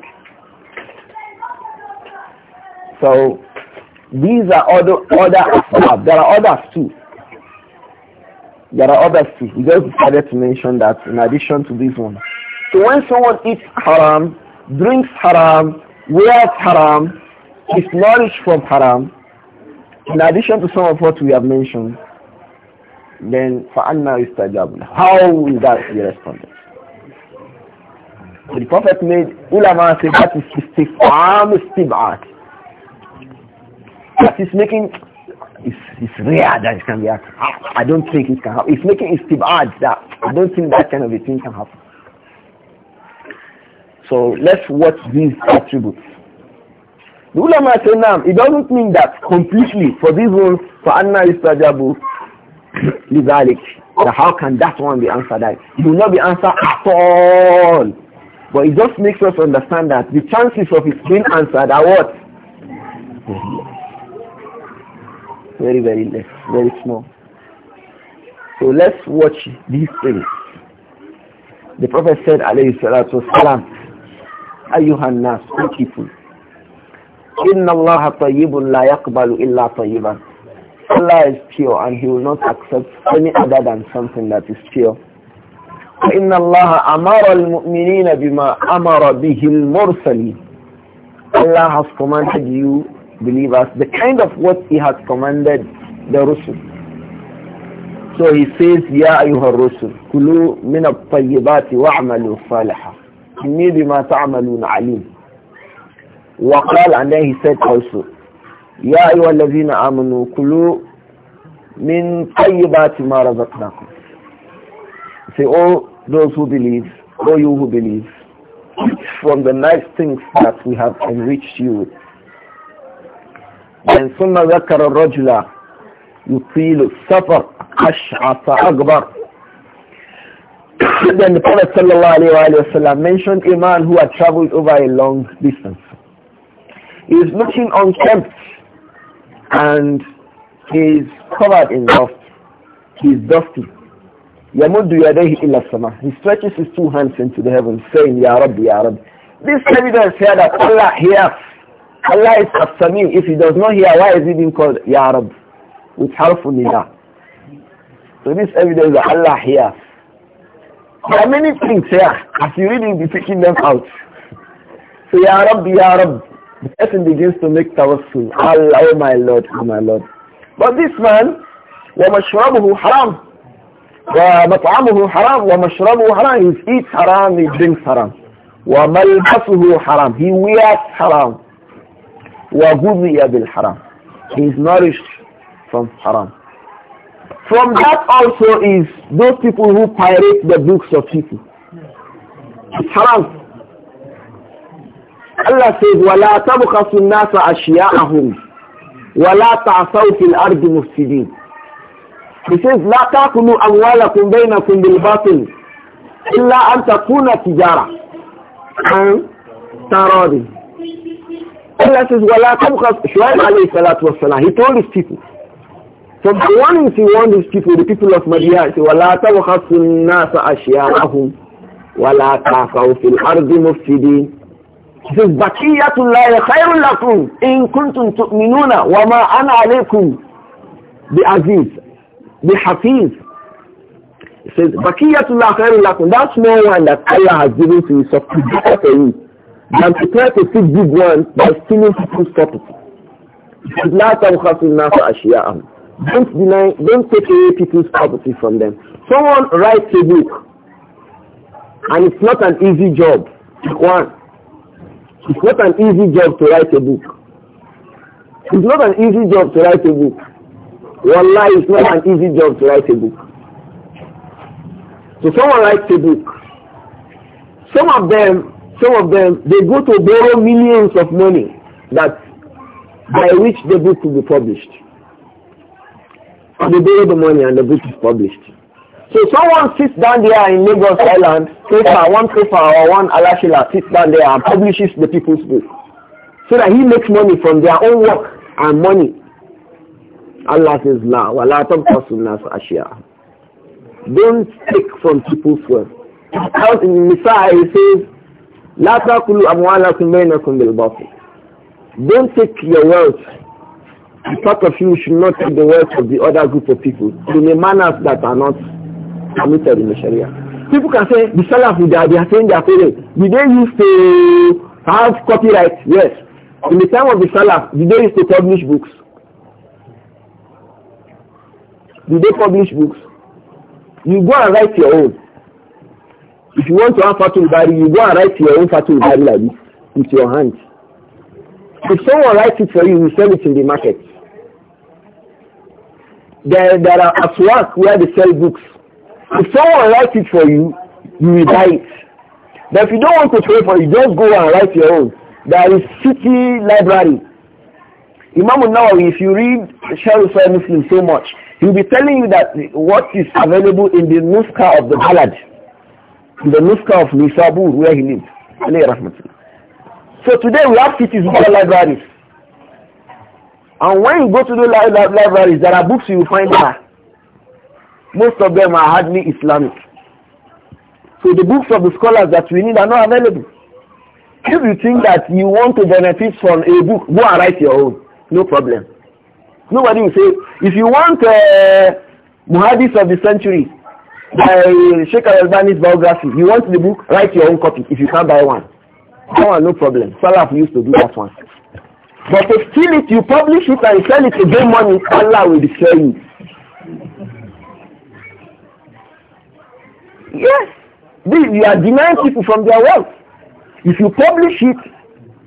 So these are other other There are others too. There are others too. We just decided to mention that in addition to this one. So when someone eats haram, drinks haram, wears haram, is nourished from haram, in addition to some of what we have mentioned, then is يُسْتَجَابُ How will that be responded? So the Prophet made ulama say that is istifam istibat. That is making it's, it's rare that it can be happened. I don't think it can happen. It's making istibat that I don't think that kind of a thing can happen. So let's watch these attributes. The ulama say it doesn't mean that completely for these ones, for Anna Istajabu, لذلك how can that one be answered that it will not be answered at all but it just makes us understand that the chances of it being answered are what very very less very small so let's watch these things the prophet said alayhi salatu wasalam ayuhan nas people inna allaha tayyibun la yaqbalu illa tayyiban Allah is pure and he will not accept any other than something that is pure. فإن الله أمر المؤمنين بما أمر به المرسلين Allah has commanded you believers the kind of what he has commanded the Rusul. So he says, يا أيها الرسل كلوا من الطيبات واعملوا صالحا إني بما تعملون عليم. وقال and then he said also يا أيها الذين آمنوا كلوا من طيبات ما رزقناكم Say, all oh, those who believe, all oh, you who believe, from the nice things that we have enriched you with. Then ثم ذكر الرجل يطيل السفر أشعث أكبر Then the Prophet وسلم mentioned a man who had traveled over a long distance. He is looking unkempt and he is covered in dust. He is dusty. Yamudu يَدَيْهِ إِلَّا He stretches his two hands into the heavens, saying, Ya Rabbi, Ya Rabbi. This evidence here that Allah hears. Allah is as me. If he does not hear, why is he being called Ya Rabbi? With harful nidah. So this evidence that Allah hears. There are many things here. As you read, you'll be picking them out. So Ya Rabbi, Ya Rabbi. The person begins to make tawassul. Allah, oh my Lord, oh my Lord. But this man, وَمَشْرَبُهُ haram, وَمَطْعَمُهُ حَرَامٌ وَمَشْرَبُهُ haram, He eats haram, he drinks haram. وَمَلْبَسُهُ haram. He wears haram. وَغُذِيَ haram. He is nourished from haram. From that also is those people who pirate the books of people. It's haram. Allah says, وَلَا تَبْخَسُ النَّاسَ أَشْيَاءَهُمْ وَلَا تَعْصَوْا فِي الْأَرْضِ مُفْسِدِينَ He says, لَا تَأْكُلُوا أَمْوَالَكُمْ بَيْنَكُمْ بِالْبَاطِلِ إِلَّا أَن تَكُونَ تِجَارَةً عَنْ تَرَادٍ Allah says, وَلَا تَبْخَسُ Shuaib alayhi salatu wasalam, he told his people, from the warnings he warned his people, the people of Madiyah, he said, وَلَا تَبْخَسُ النَّاسَ أَشْيَاءَهُمْ وَلَا تَعْصَوْا فِي الْأَرْضِ مُفْسِدِينَ This Bakiyatullahi khairul lakum in kuntum tu'minuna wa ma ana alaykum bi aziz bi hafiz. He says Bakiyatullahi khairul lakum. That's no one that Allah has given to you so to better for you than to try to take big ones by stealing people's property. لا تبخسوا الناس أشياءهم. Don't deny, don't take away people's property from them. Someone writes a book and it's not an easy job. One, it's not an easy job to write a book. It's not an easy job to write a book. life it's not an easy job to write a book. So someone writes a book. Some of them, some of them, they go to borrow millions of money that by which the book will be published. And they borrow the money and the book is published. So someone sits down there in Lagos Island, paper, one paper or one alashila sits down there and publishes the people's book. So that he makes money from their own work and money. Allah says, La wala nas ashia. Don't take from people's work. Out in Messiah he says, La takulu amwalakum bainakum bil Don't take your wealth part of you should not take the wealth of the other group of people in a manners that are not Committed in the Sharia. People can say the Salaf, they are saying their parents. Did they used to have copyright? Yes. In the time of the Salaf, did they used to publish books? Did they publish books? You go and write your own. If you want to have Fatul Bari, you go and write your own Fatul Bari like this with your hands. If someone writes it for you, you sell it in the market. There, there are as work where they sell books. If someone writes it for you, you will buy it. But if you don't want to pay for it, just go and write your own. There is city library. Imam now, if you read Sharifah Muslim so much, he'll be telling you that what is available in the Nuska of the Balad, the Nuska of Nisabur, where he lived. So today we have cities with libraries. And when you go to the li li libraries, there are books you will find there. Most of them are hardly Islamic. So the books of the scholars that we need are not available. If you think that you want to benefit from a book, go and write your own. No problem. Nobody will say, if you want uh, Muhadis of the century, by Sheikh Al-Albani's biography, you want the book, write your own copy if you can't buy one. That one, no problem. Salaf used to do that one. But to steal it, you publish it and sell it to gain money, Allah will destroy you. Yes. You are denying people from their wealth. If you publish it,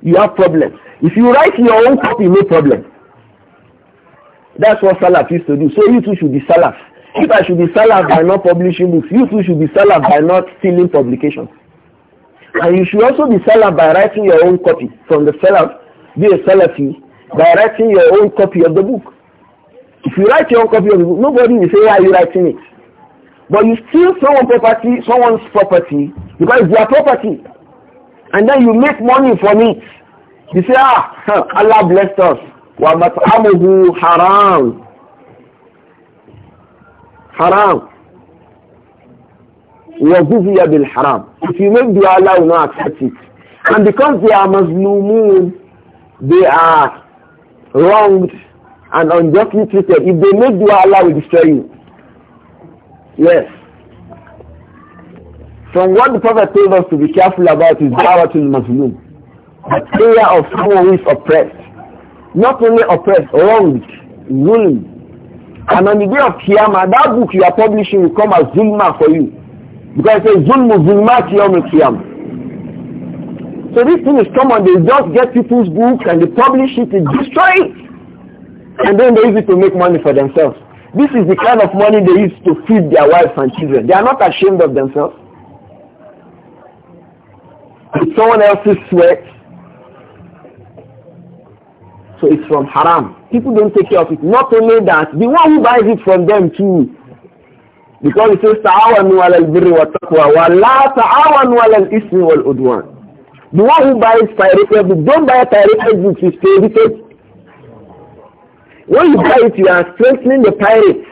you have problems. If you write your own copy, no problem. That's what Salaf used to do. So you too should be Salaf. If I should be Salaf by not publishing books, you too should be Salaf by not stealing publications. And you should also be Salaf by writing your own copy. From the Salaf, be a Salafi by writing your own copy of the book. If you write your own copy of the book, nobody will say, why are you writing it? But you steal property, someone's property because it's their property. And then you make money from it. You say, ah, Allah blessed us. Wa mat'amuhu haram. Haram. Wa guziya bil haram. If you make dua, Allah will not accept it. And because they are Muslims, they are wronged and unjustly treated. If they make dua, Allah will destroy you. Yes. From what the Prophet told us to be careful about is Dawatul Mazlum. The prayer of someone who is oppressed. Not only oppressed, wronged, ruined. And on the day of Qiyamah, that book you are publishing will come as Zulma for you. Because it says Zulmu Zulma Qiyamah Qiyamah. So this thing is common. They just get people's books and they publish it, they destroy it. And then they use it to make money for themselves. This is the kind of money they use to feed their wives and children. They are not ashamed of themselves. It's someone else's sweat. So it's from haram. People don't take care of it. Not only that, the one who buys it from them too. Because it says, تَعَوَنُوا عَلَى الْبِرِّ وَالتَّقْوَى وَلَا تَعَوَنُوا عَلى The one who buys pirated books, don't buy pirated books, it's prohibited. When you buy it, you are strengthening the pirate.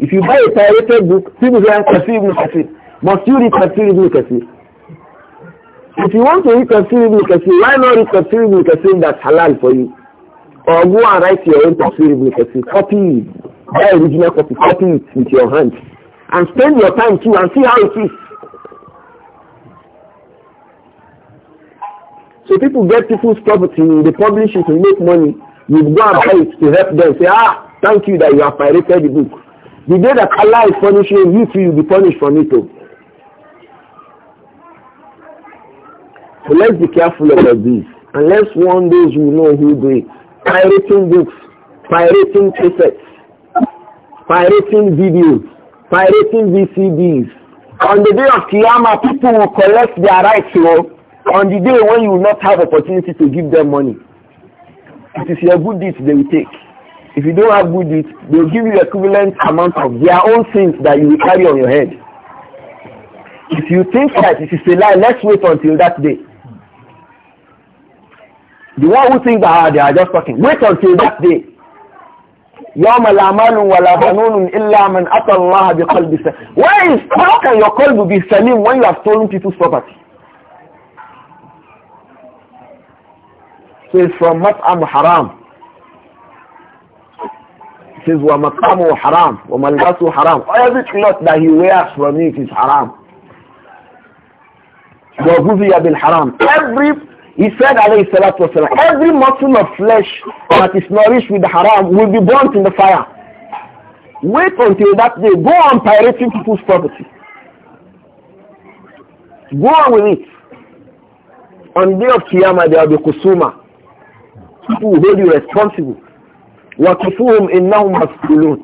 If you buy a pirated book, people say, ah, Tafsir Ibn Kathir. Must you read Tafsir Ibn Kathir? If you want to read a Ibn Kathir, why not read a Ibn Kathir that's halal for you? Or go and write your own Tafsir Ibn Copy it. Buy original copy. Copy it with your hand. And spend your time too and see how it is. So people get people's property, they publish it, they make money with go and it to help them. Say, ah, thank you that you have pirated the book. The day that Allah is punishing you, too, you'll be punished from it too. Oh. So let's be careful about this. And let's warn those who know who do Pirating books, pirating cassettes, pirating videos, pirating VCDs. On the day of Qiyamah, people will collect their rights, you oh. know, on the day when you will not have opportunity to give them money. It is your good deeds they will take. If you don't have good deeds, they will give you equivalent amount of their own sins that you will carry on your head. If you think that it is a lie, let's wait until that day. The one who thinks that ah, they are just talking, wait until that day. يوم لا مال ولا بنون إلا من أتى الله بقلب سليم. Why is how can your call be selling when you have stolen people's property? Says from Mat'am Haram. It says, وَمَقَامُ haram, wa وَمَلْبَسُ haram. Every cloth that he wears from it is haram. Wa وَغُذِيَ بِالْحَرَامِ Every, he said, alayhi salatu wasalam, every muscle of flesh that is nourished with the haram will be burnt in the fire. Wait until that day. Go on pirating people's property. Go on with it. On the day of Qiyamah, there will be kusuma people hold you responsible. وَكِفُوهُمْ إِنَّهُمْ مَسْئُولُونَ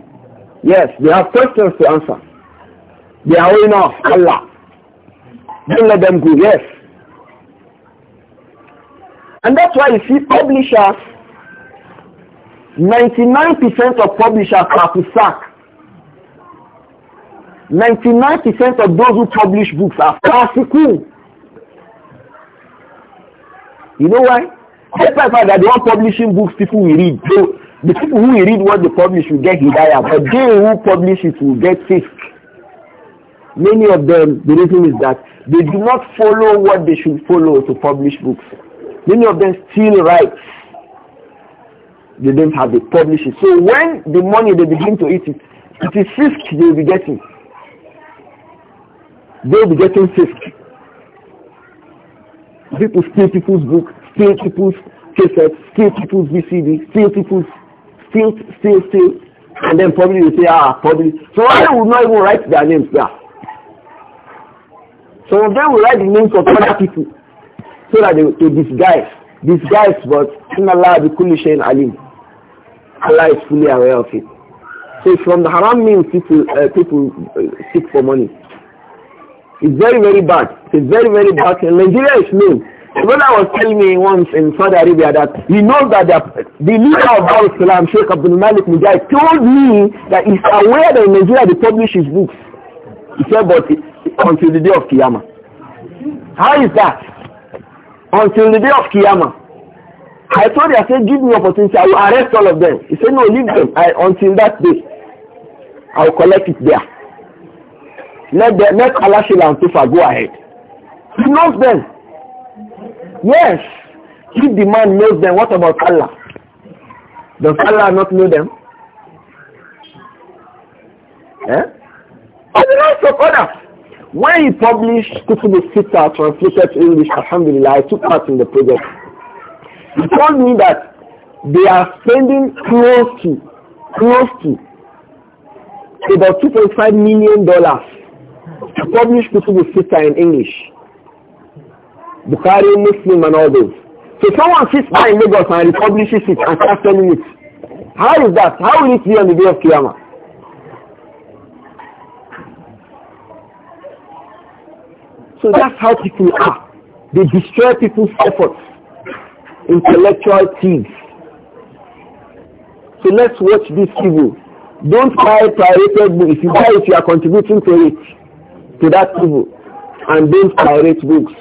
Yes, they have questions to answer. They are owing off Allah. Don't let them go, yes. And that's why you see publishers, 99% of publishers are to sack. 99% of those who publish books are classical. You know why? I fact that they are publishing books people will read. So the people who will read what they publish will get higher, but they who publish it will get sick. Many of them, the reason is that they do not follow what they should follow to publish books. Many of them still write. They don't have the publishing. So when the money they begin to eat it, it is fisk they will be getting. They will be getting fisk. People steal people's books steal people's cassettes, steal people's VCD, steal people's, steal, steal, and then probably you say, ah, probably. So I will not even write their names there. Some of them will write the names of other people so that they to disguise, disguise, but in Allah the Kulishain Alim. Allah is fully aware of it. So from the haram means people, uh, people uh, seek for money. It's very, very bad. It's very, very bad. And Nigeria is known. The brother was telling me once in Saudi Arabia that he knows that the, the leader of Darul Islam, Sheikh Abdul Malik Mujahid, told me that he's aware that in Nigeria they publish his books. He said, but until the day of Qiyamah. How is that? Until the day of Qiyamah. I told him, I said, give me opportunity, I will arrest all of them. He said, no, leave them I, until that day. I will collect it there. Let, the, let Allah Shila Tufa go ahead. He knows them. Yes. If the man knows them, what about Allah? Does Allah not know them? Eh? the of others. When he published Kutub al-Sita translated to English, Alhamdulillah, I took part in the project. He told me that they are spending close to, close to, about $2.5 million to publish Kutub al-Sita in English. Bukhari, Muslim, and all those. So someone sits by in Lagos and republishes it and starts selling it. How is that? How will it be on the day of Qiyamah? So that's how people are. They destroy people's efforts. Intellectual thieves. So let's watch this evil. Don't buy pirated books. If you buy it, you are contributing to it, to that evil. And don't pirate books.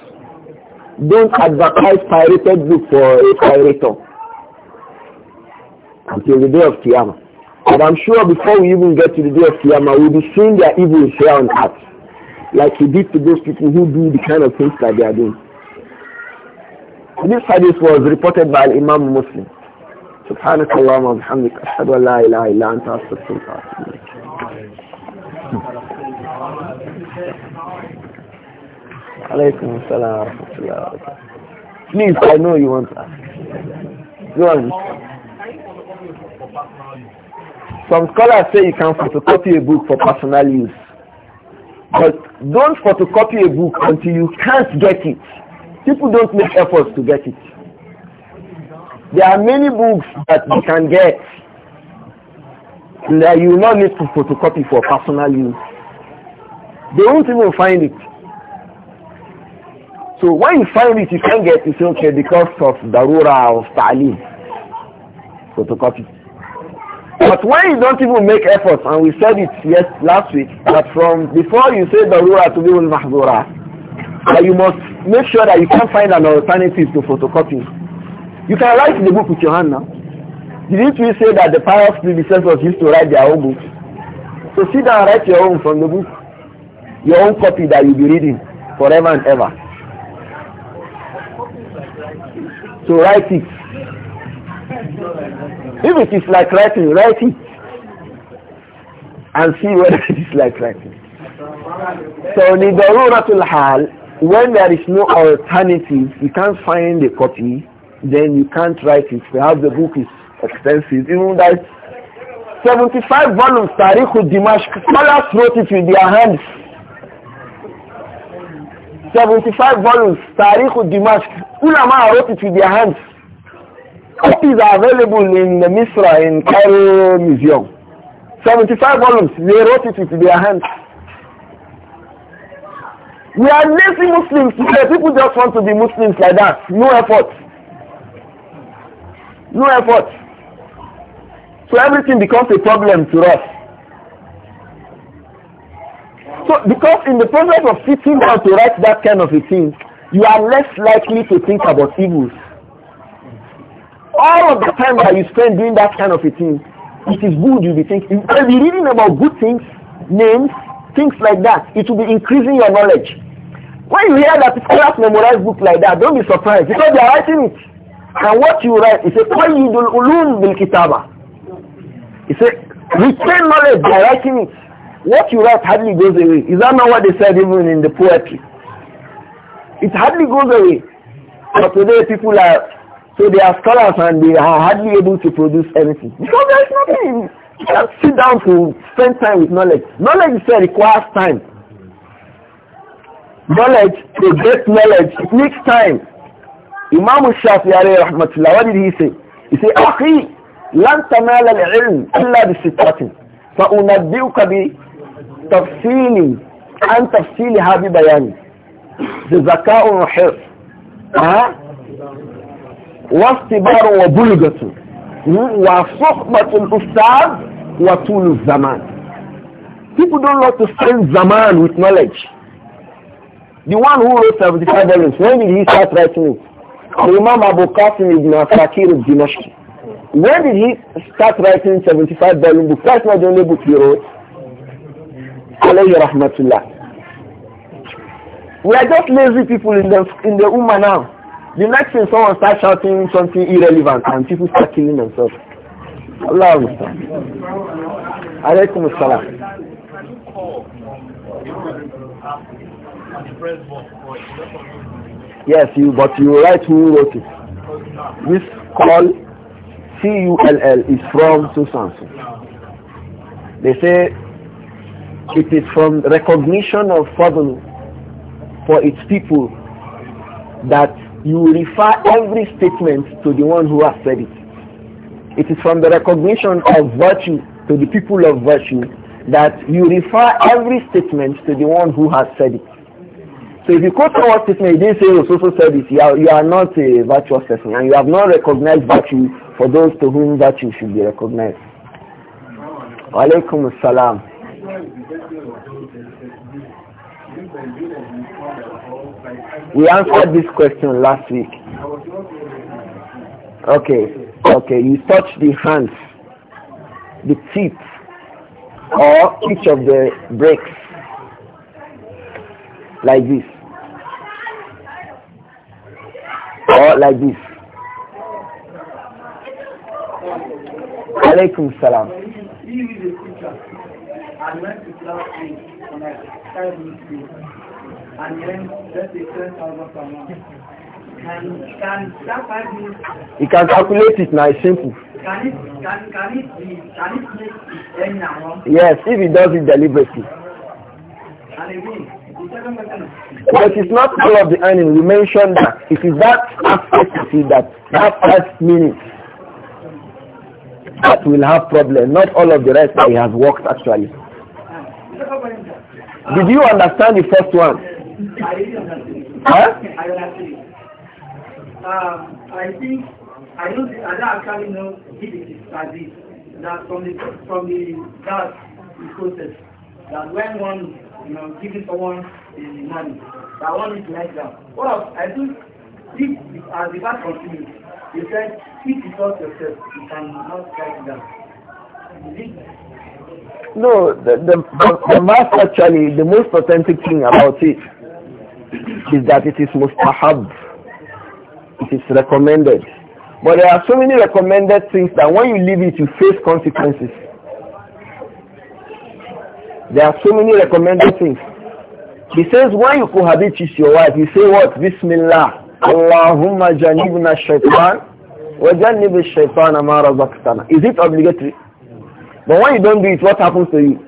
Don't advertise pirated book for a pirator until the day of Qiyamah. And I'm sure before we even get to the day of Qiyamah, we'll be seeing their evil here on earth. Like he did to those people who do the kind of things that they are doing. This hadith was reported by Imam Muslim. سبحانك اللهم وبحمدك أشهد أن لا إله إلا أنت أستغفرك وأتوب إليك Alaykum wa rahmatullahi wa barakatuh. Please, I know you want to Go on. Some scholars say you can photocopy a book for personal use. But don't photocopy a book until you can't get it. People don't make efforts to get it. There are many books that you can get that you will not need to photocopy for personal use. They won't even find it. So when you find it, you can not get it, okay, because of darura of ta'lim, photocopy. But when you don't even make efforts, and we said it yes last week, that from before you say darura to be mahzura, that you must make sure that you can find an alternative to photocopying. You can write the book with your hand now. Didn't we say that the pious predecessors used to write their own books? So sit down and write your own from the book, your own copy that you'll be reading forever and ever. to write it. If it is like writing, write it. And see whether it is like writing. So لضرورة when there is no alternative, you can't find a copy, then you can't write it. Perhaps the book is expensive. Even that 75 volumes, Tariq Dimash, scholars wrote it with their hands. 75 volumes, Tariq al-Dimashq. Ulama wrote it with their hands. Copies are available in the Misra, in Cairo Museum. 75 volumes, they wrote it with their hands. We are lazy Muslims today. People just want to be Muslims like that. No effort. No effort. So everything becomes a problem to us. So because in the process of sitting down to write that kind of a thing, you are less likely to think about evils. All of the time that you spend doing that kind of a thing, it is good you'll be thinking. You'll be reading about good things, names, things like that. It will be increasing your knowledge. When you hear that scholars memorize book like that, don't be surprised because they are writing it. And what you write is a qayyidul ulum bil kitaba. It's a retain knowledge by writing it. What you write hardly goes away. Is that not what they said even in the poetry? It hardly goes away. But today people are, so they are scholars and they are hardly able to produce anything. Because there is nothing. You can sit down to spend time with knowledge. Knowledge itself requires time. Knowledge, to get knowledge, it needs time. Imam Shafi alayhi rahmatullah, what did he say? He said, أخي لن تنال العلم إلا بستة فأنبئك tafsili an tafsili bi bayani da zaka'un hir ha wastibarun wa bulgatu hmm? wa ustaz wa tul zaman people don't like to spend zaman with knowledge the one who wrote 75 volumes when did he start writing it Imam Abu Qasim ibn Fakir when did he start writing 75 volume books? That's not the only book he wrote alayhi rahmatullah. We are just lazy people in the, in the ummah now. The next thing someone starts shouting something irrelevant and people start killing themselves. Allah understand. Alaykum as Yes, you, but you write who wrote it. This call, C-U-L-L, is from Susan. They say it is from recognition of fadl for its people that you refer every statement to the one who has said it. It is from the recognition of virtue to the people of virtue that you refer every statement to the one who has said it. So if you quote our statement, you didn't say you oh, also said it, you are, you are not a virtuous person and you have not recognized virtue for those to whom virtue should be recognized. Wa salam. We answered this question last week. Okay, okay, you touch the hands, the feet, or each of the breaks, like this, or like this. Alaykum salam and when Islam is on a five week and then let's say 10,000 per month. Can, can that five minutes... You can calculate it now, it's simple. Can it, can, can it, be, can it make it end now? Yes, if it does it deliberately. And again, but it's not all of the earning. We mentioned that it is that aspect of it that that first minute that will have problem, not all of the rest that he has worked actually. Did you understand the first one? I huh? Um, I think I don't I don't actually know if it is Sadiq that from the from the that process that when one you know giving someone the money that one is like that. What else? I think if as the verse continues, he said, if you thought yourself, you can cannot write down. No, the, the, the most actually, the most authentic thing about it is that it is mustahab. It is recommended. But there are so many recommended things that when you leave it, you face consequences. There are so many recommended things. He says, when you cohabit with your wife, you say what? Bismillah. Allahumma janibna shaitan wa janib shaitan amara razaqtana. Is it obligatory? But when you don't do it, what happens to you?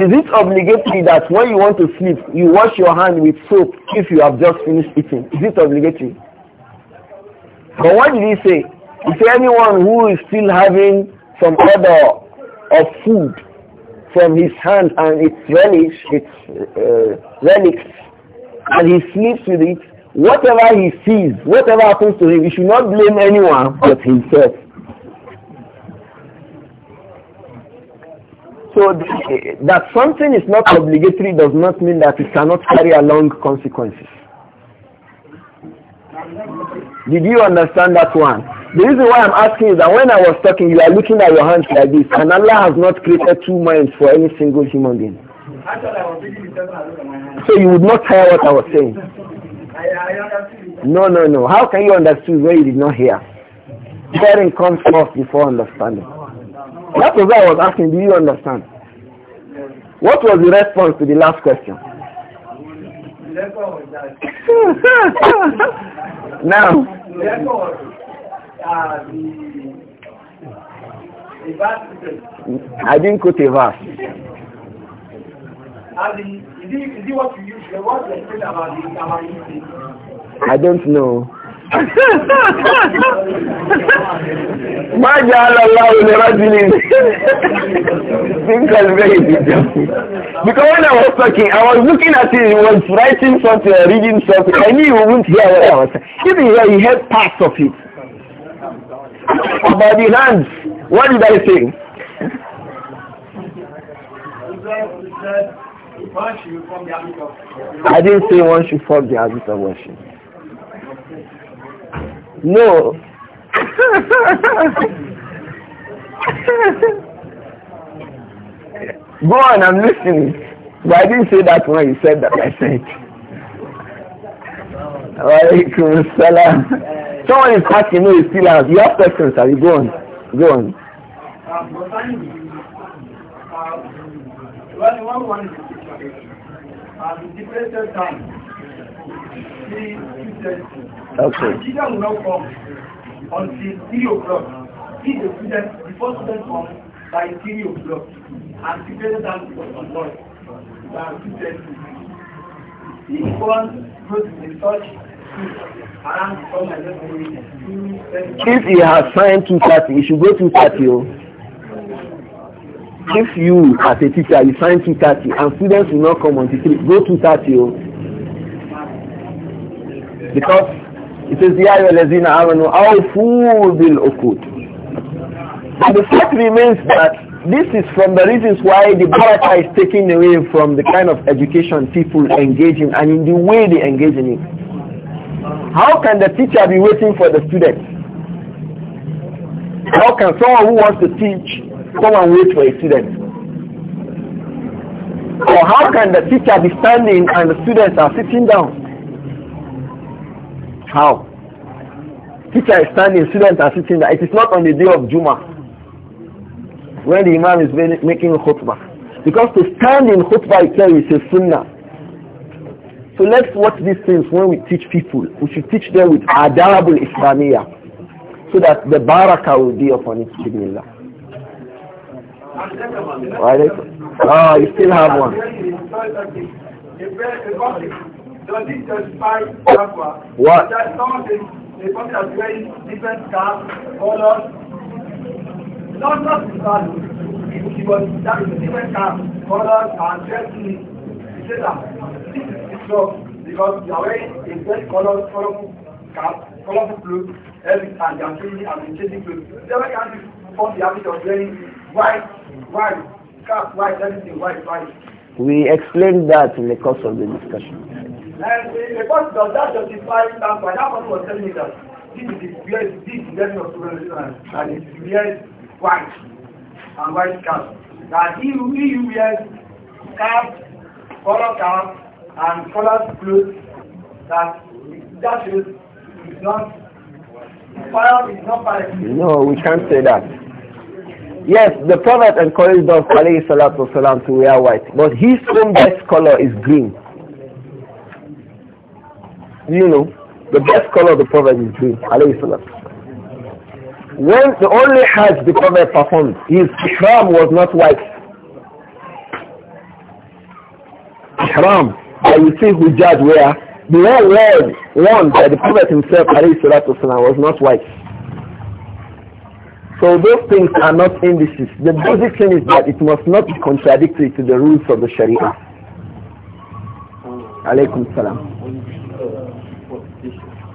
Is it obligatory that when you want to sleep, you wash your hand with soap if you have just finished eating? Is it obligatory? But what did he say? He said anyone who is still having some odor of food from his hand and its relish, its uh, relics, and he sleeps with it, whatever he sees, whatever happens to him, he should not blame anyone but himself. So the, that something is not obligatory does not mean that it cannot carry along consequences. Did you understand that one? The reason why I'm asking is that when I was talking, you are looking at your hands like this, and Allah has not created two minds for any single human being. So you would not hear what I was saying. No, no, no. How can you understand where you did not hear? Hearing comes first before understanding. That was what I was asking, do you understand? What was the response to the last question? now, I didn't quote a verse. I don't know. ما جعل الله لرجل think that's very because when I was talking I was looking at it he was writing something or reading something I knew he wouldn't hear what I was saying even here he heard parts of it about the hands what did I say I didn't say one should form the habit of worship no. Go on, I'm listening. But I didn't say that when you said that I said. Walaikum salam. Someone is asking me, still have. You have questions, are you? Go on. Go on. one one Okay. The children will not come until three o'clock. See the students, the first students come by three o'clock. And the parents are on board. They students. Each goes to the church around the corner If he has signed thirty, he should go 230. If you as a teacher you sign thirty, and students will not come until 3, go 230 because It says, Ya Yazina Amanu, Awfu bil Ukud. And the fact remains that this is from the reasons why the barakah is taken away from the kind of education people engage in and in the way they engage in it. How can the teacher be waiting for the student? How can someone who wants to teach come and wait for a student? Or how can the teacher be standing and the students are sitting down? How? Teacher is standing, students are sitting there. It is not on the day of Juma when the Imam is making khutbah. Because to stand in khutbah itself is a sunnah. So let's watch these things when we teach people. We should teach them with adabul islamiyah so that the barakah will be upon it. Bismillah. Ah, you still have one. Does this justify Jaffa? What? That someone says a person has different car, colors. Not not the car, that is different car, colors and dressing. He said that so because they are wearing a very colorful cap, colorful clothes every they are changing and changing clothes. They never can form the habit of wearing white, white, cap, white, everything white, white. We explained that in the course of the discussion. And the person does that justify Tampa. That person was telling me that this is the weird, this is the of children and it's weird white and white cap. That he, he wears cap, color cap, and colored clothes that that is not fire is not fire. No, we can't say that. Yes, the Prophet encouraged us alayhi salatu salam to wear white, but his own best color is green. you know? The best color of the Prophet is green, alayhi salam. When the only Hajj the Prophet performed, his ihram was not white. Ihram, I will see who judge where. The one word, one by the Prophet himself, alayhi salatu wasalam, was not white. So those things are not indices. The basic thing is that it must not be contradictory to the rules of the Sharia. Alaykum salam.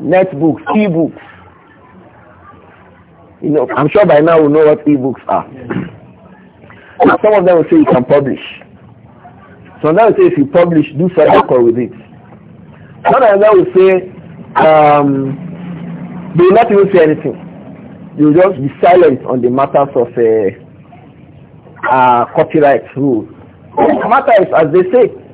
netbooks, e-books. You know, I'm sure by now we know what e-books are. Some of them will say you can publish. Some now will say if you publish, do sadaqa with it. Some of them will say um, they will not even say anything. They will just be silent on the matters of uh, uh, copyright rule. The matter is as they say.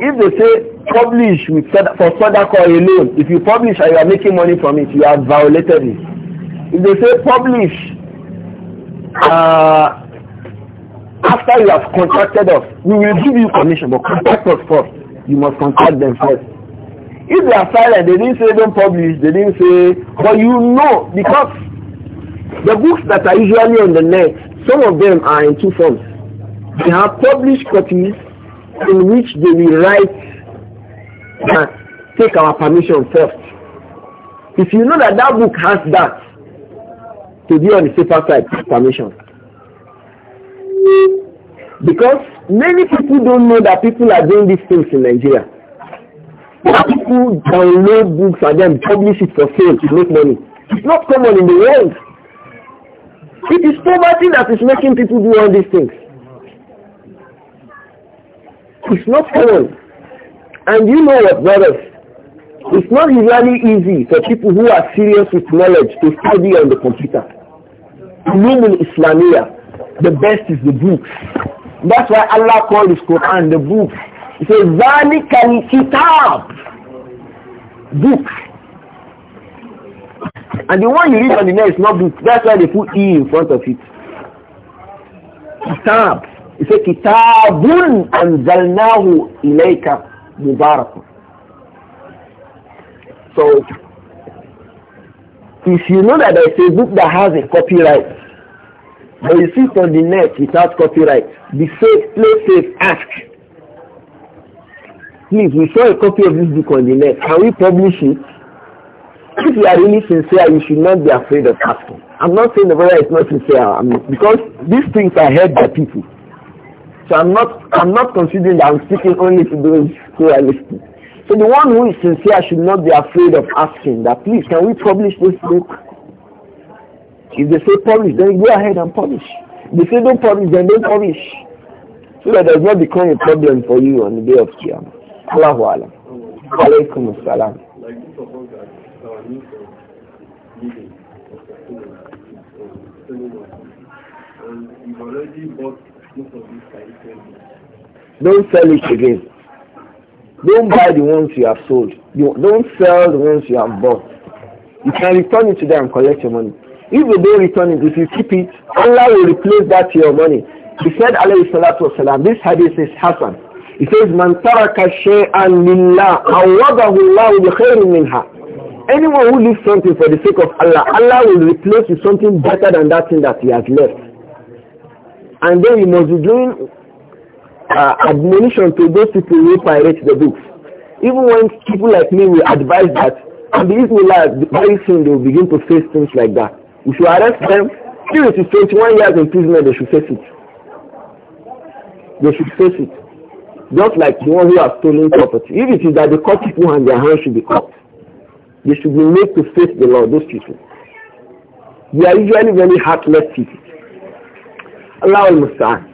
If they say publish with for Sadaqah alone, if you publish and you are making money from it, you have violated it. If they say publish uh, after you have contacted us, we will give you permission, but contact us first. You must contact them first. If they are silent, they didn't say don't publish, they didn't say, but you know, because the books that are usually on the net, some of them are in two forms. They have published copies in which they will write and take our permission first. If you know that that book has that, to be on the safer side, permission. Because many people don't know that people are doing these things in Nigeria. People download books and then publish it for sale to make money. It's not common in the world. It is poverty that is making people do all these things. It's not common. And you know what, brothers? It's not really easy for people who are serious with knowledge to study on the computer. Ulumul Islamia, the best is the books. That's why Allah called his Quran the book. He says, ذَلِكَ الْكِتَاب book." And the one you read on the net is not book. That's why they put E in front of it. Kitab. He said, Kitabun anzalnahu ilayka mubarak. So, if you know that there's a book that has a copyright, but you see it on the net without copyright, be safe, place safe, ask. Please, we saw a copy of this book on the net. Can we publish it? If you are really sincere, you should not be afraid of asking. I'm not saying the brother is not sincere I'm, because these things are heard by people. So I'm not, I'm not considering that I'm speaking only to those who are listening. So the one who is sincere should not be afraid of asking that, please, can we publish this book? If they say publish, then go ahead and publish. If they say don't publish, then don't publish. So that does not become a problem for you on the day of Qiyamah. Allahu Alam. Alaykum as you don't sell it again. Don't buy the ones you have sold. You don't sell the ones you have bought. You can return it to them and collect your money. If you don't return it, if you keep it, Allah will replace that to your money. He said, alayhi salatu wasalam, this hadith is Hassan. He says, man taraka shay'an lillah, awadahu Allah bi minha. Anyone who leaves something for the sake of Allah, Allah will replace with something better than that thing that he has left. And then you must be doing uh, admonition to those people who pirate the books. Even when people like me will advise that, and the Israelites, very soon they will begin to face things like that. If you arrest them, If it is 21 years in prison, they should face it. They should face it. Just like the one who has stolen property. If it is that they cut people and their hands should be cut, they should be made to face the law, those people. They are usually very heartless people. Allah al-Musta'an.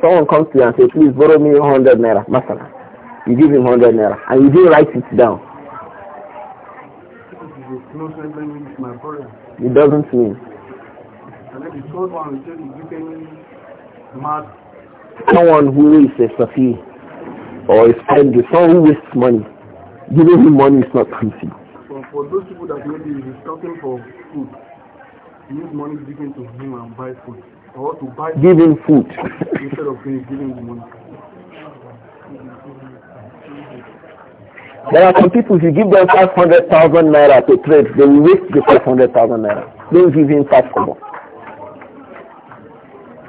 Someone comes to you and says, please borrow me 100 naira, masala. You give him 100 naira and you didn't write it down. It doesn't mean. Someone who is a safi or is spending, someone who wastes money, giving him money is not permissible. For, those people that maybe is talking for food, use money given to him and buy food or to buy giving food instead of giving money. There are some people, if you give them 500,000 naira to trade, they will waste the 500,000 naira. Don't give him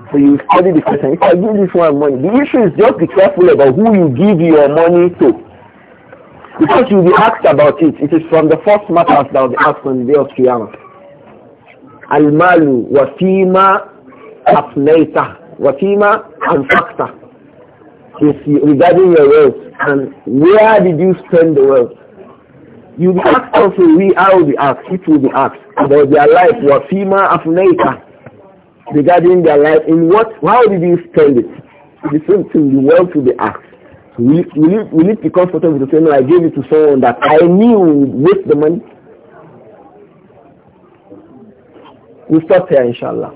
So you study the question. If I give this one money, the issue is just be careful about who you give your money to. Because you'll be asked about it. It is from the first matters that will be asked on the day of Qiyamah. Al-malu wa aflaita, wafima, and fakta. Is regarding your wealth and where did you spend the wealth? You be asked also, we I will be asked, it will be asked about their life, wafima, aflaita, regarding their life, in what, how did you spend it? The same thing, the wealth will be asked. will, it, will, it, will be comfortable to say, no, I gave it to someone that I knew would waste the money? we we'll stop here, inshallah.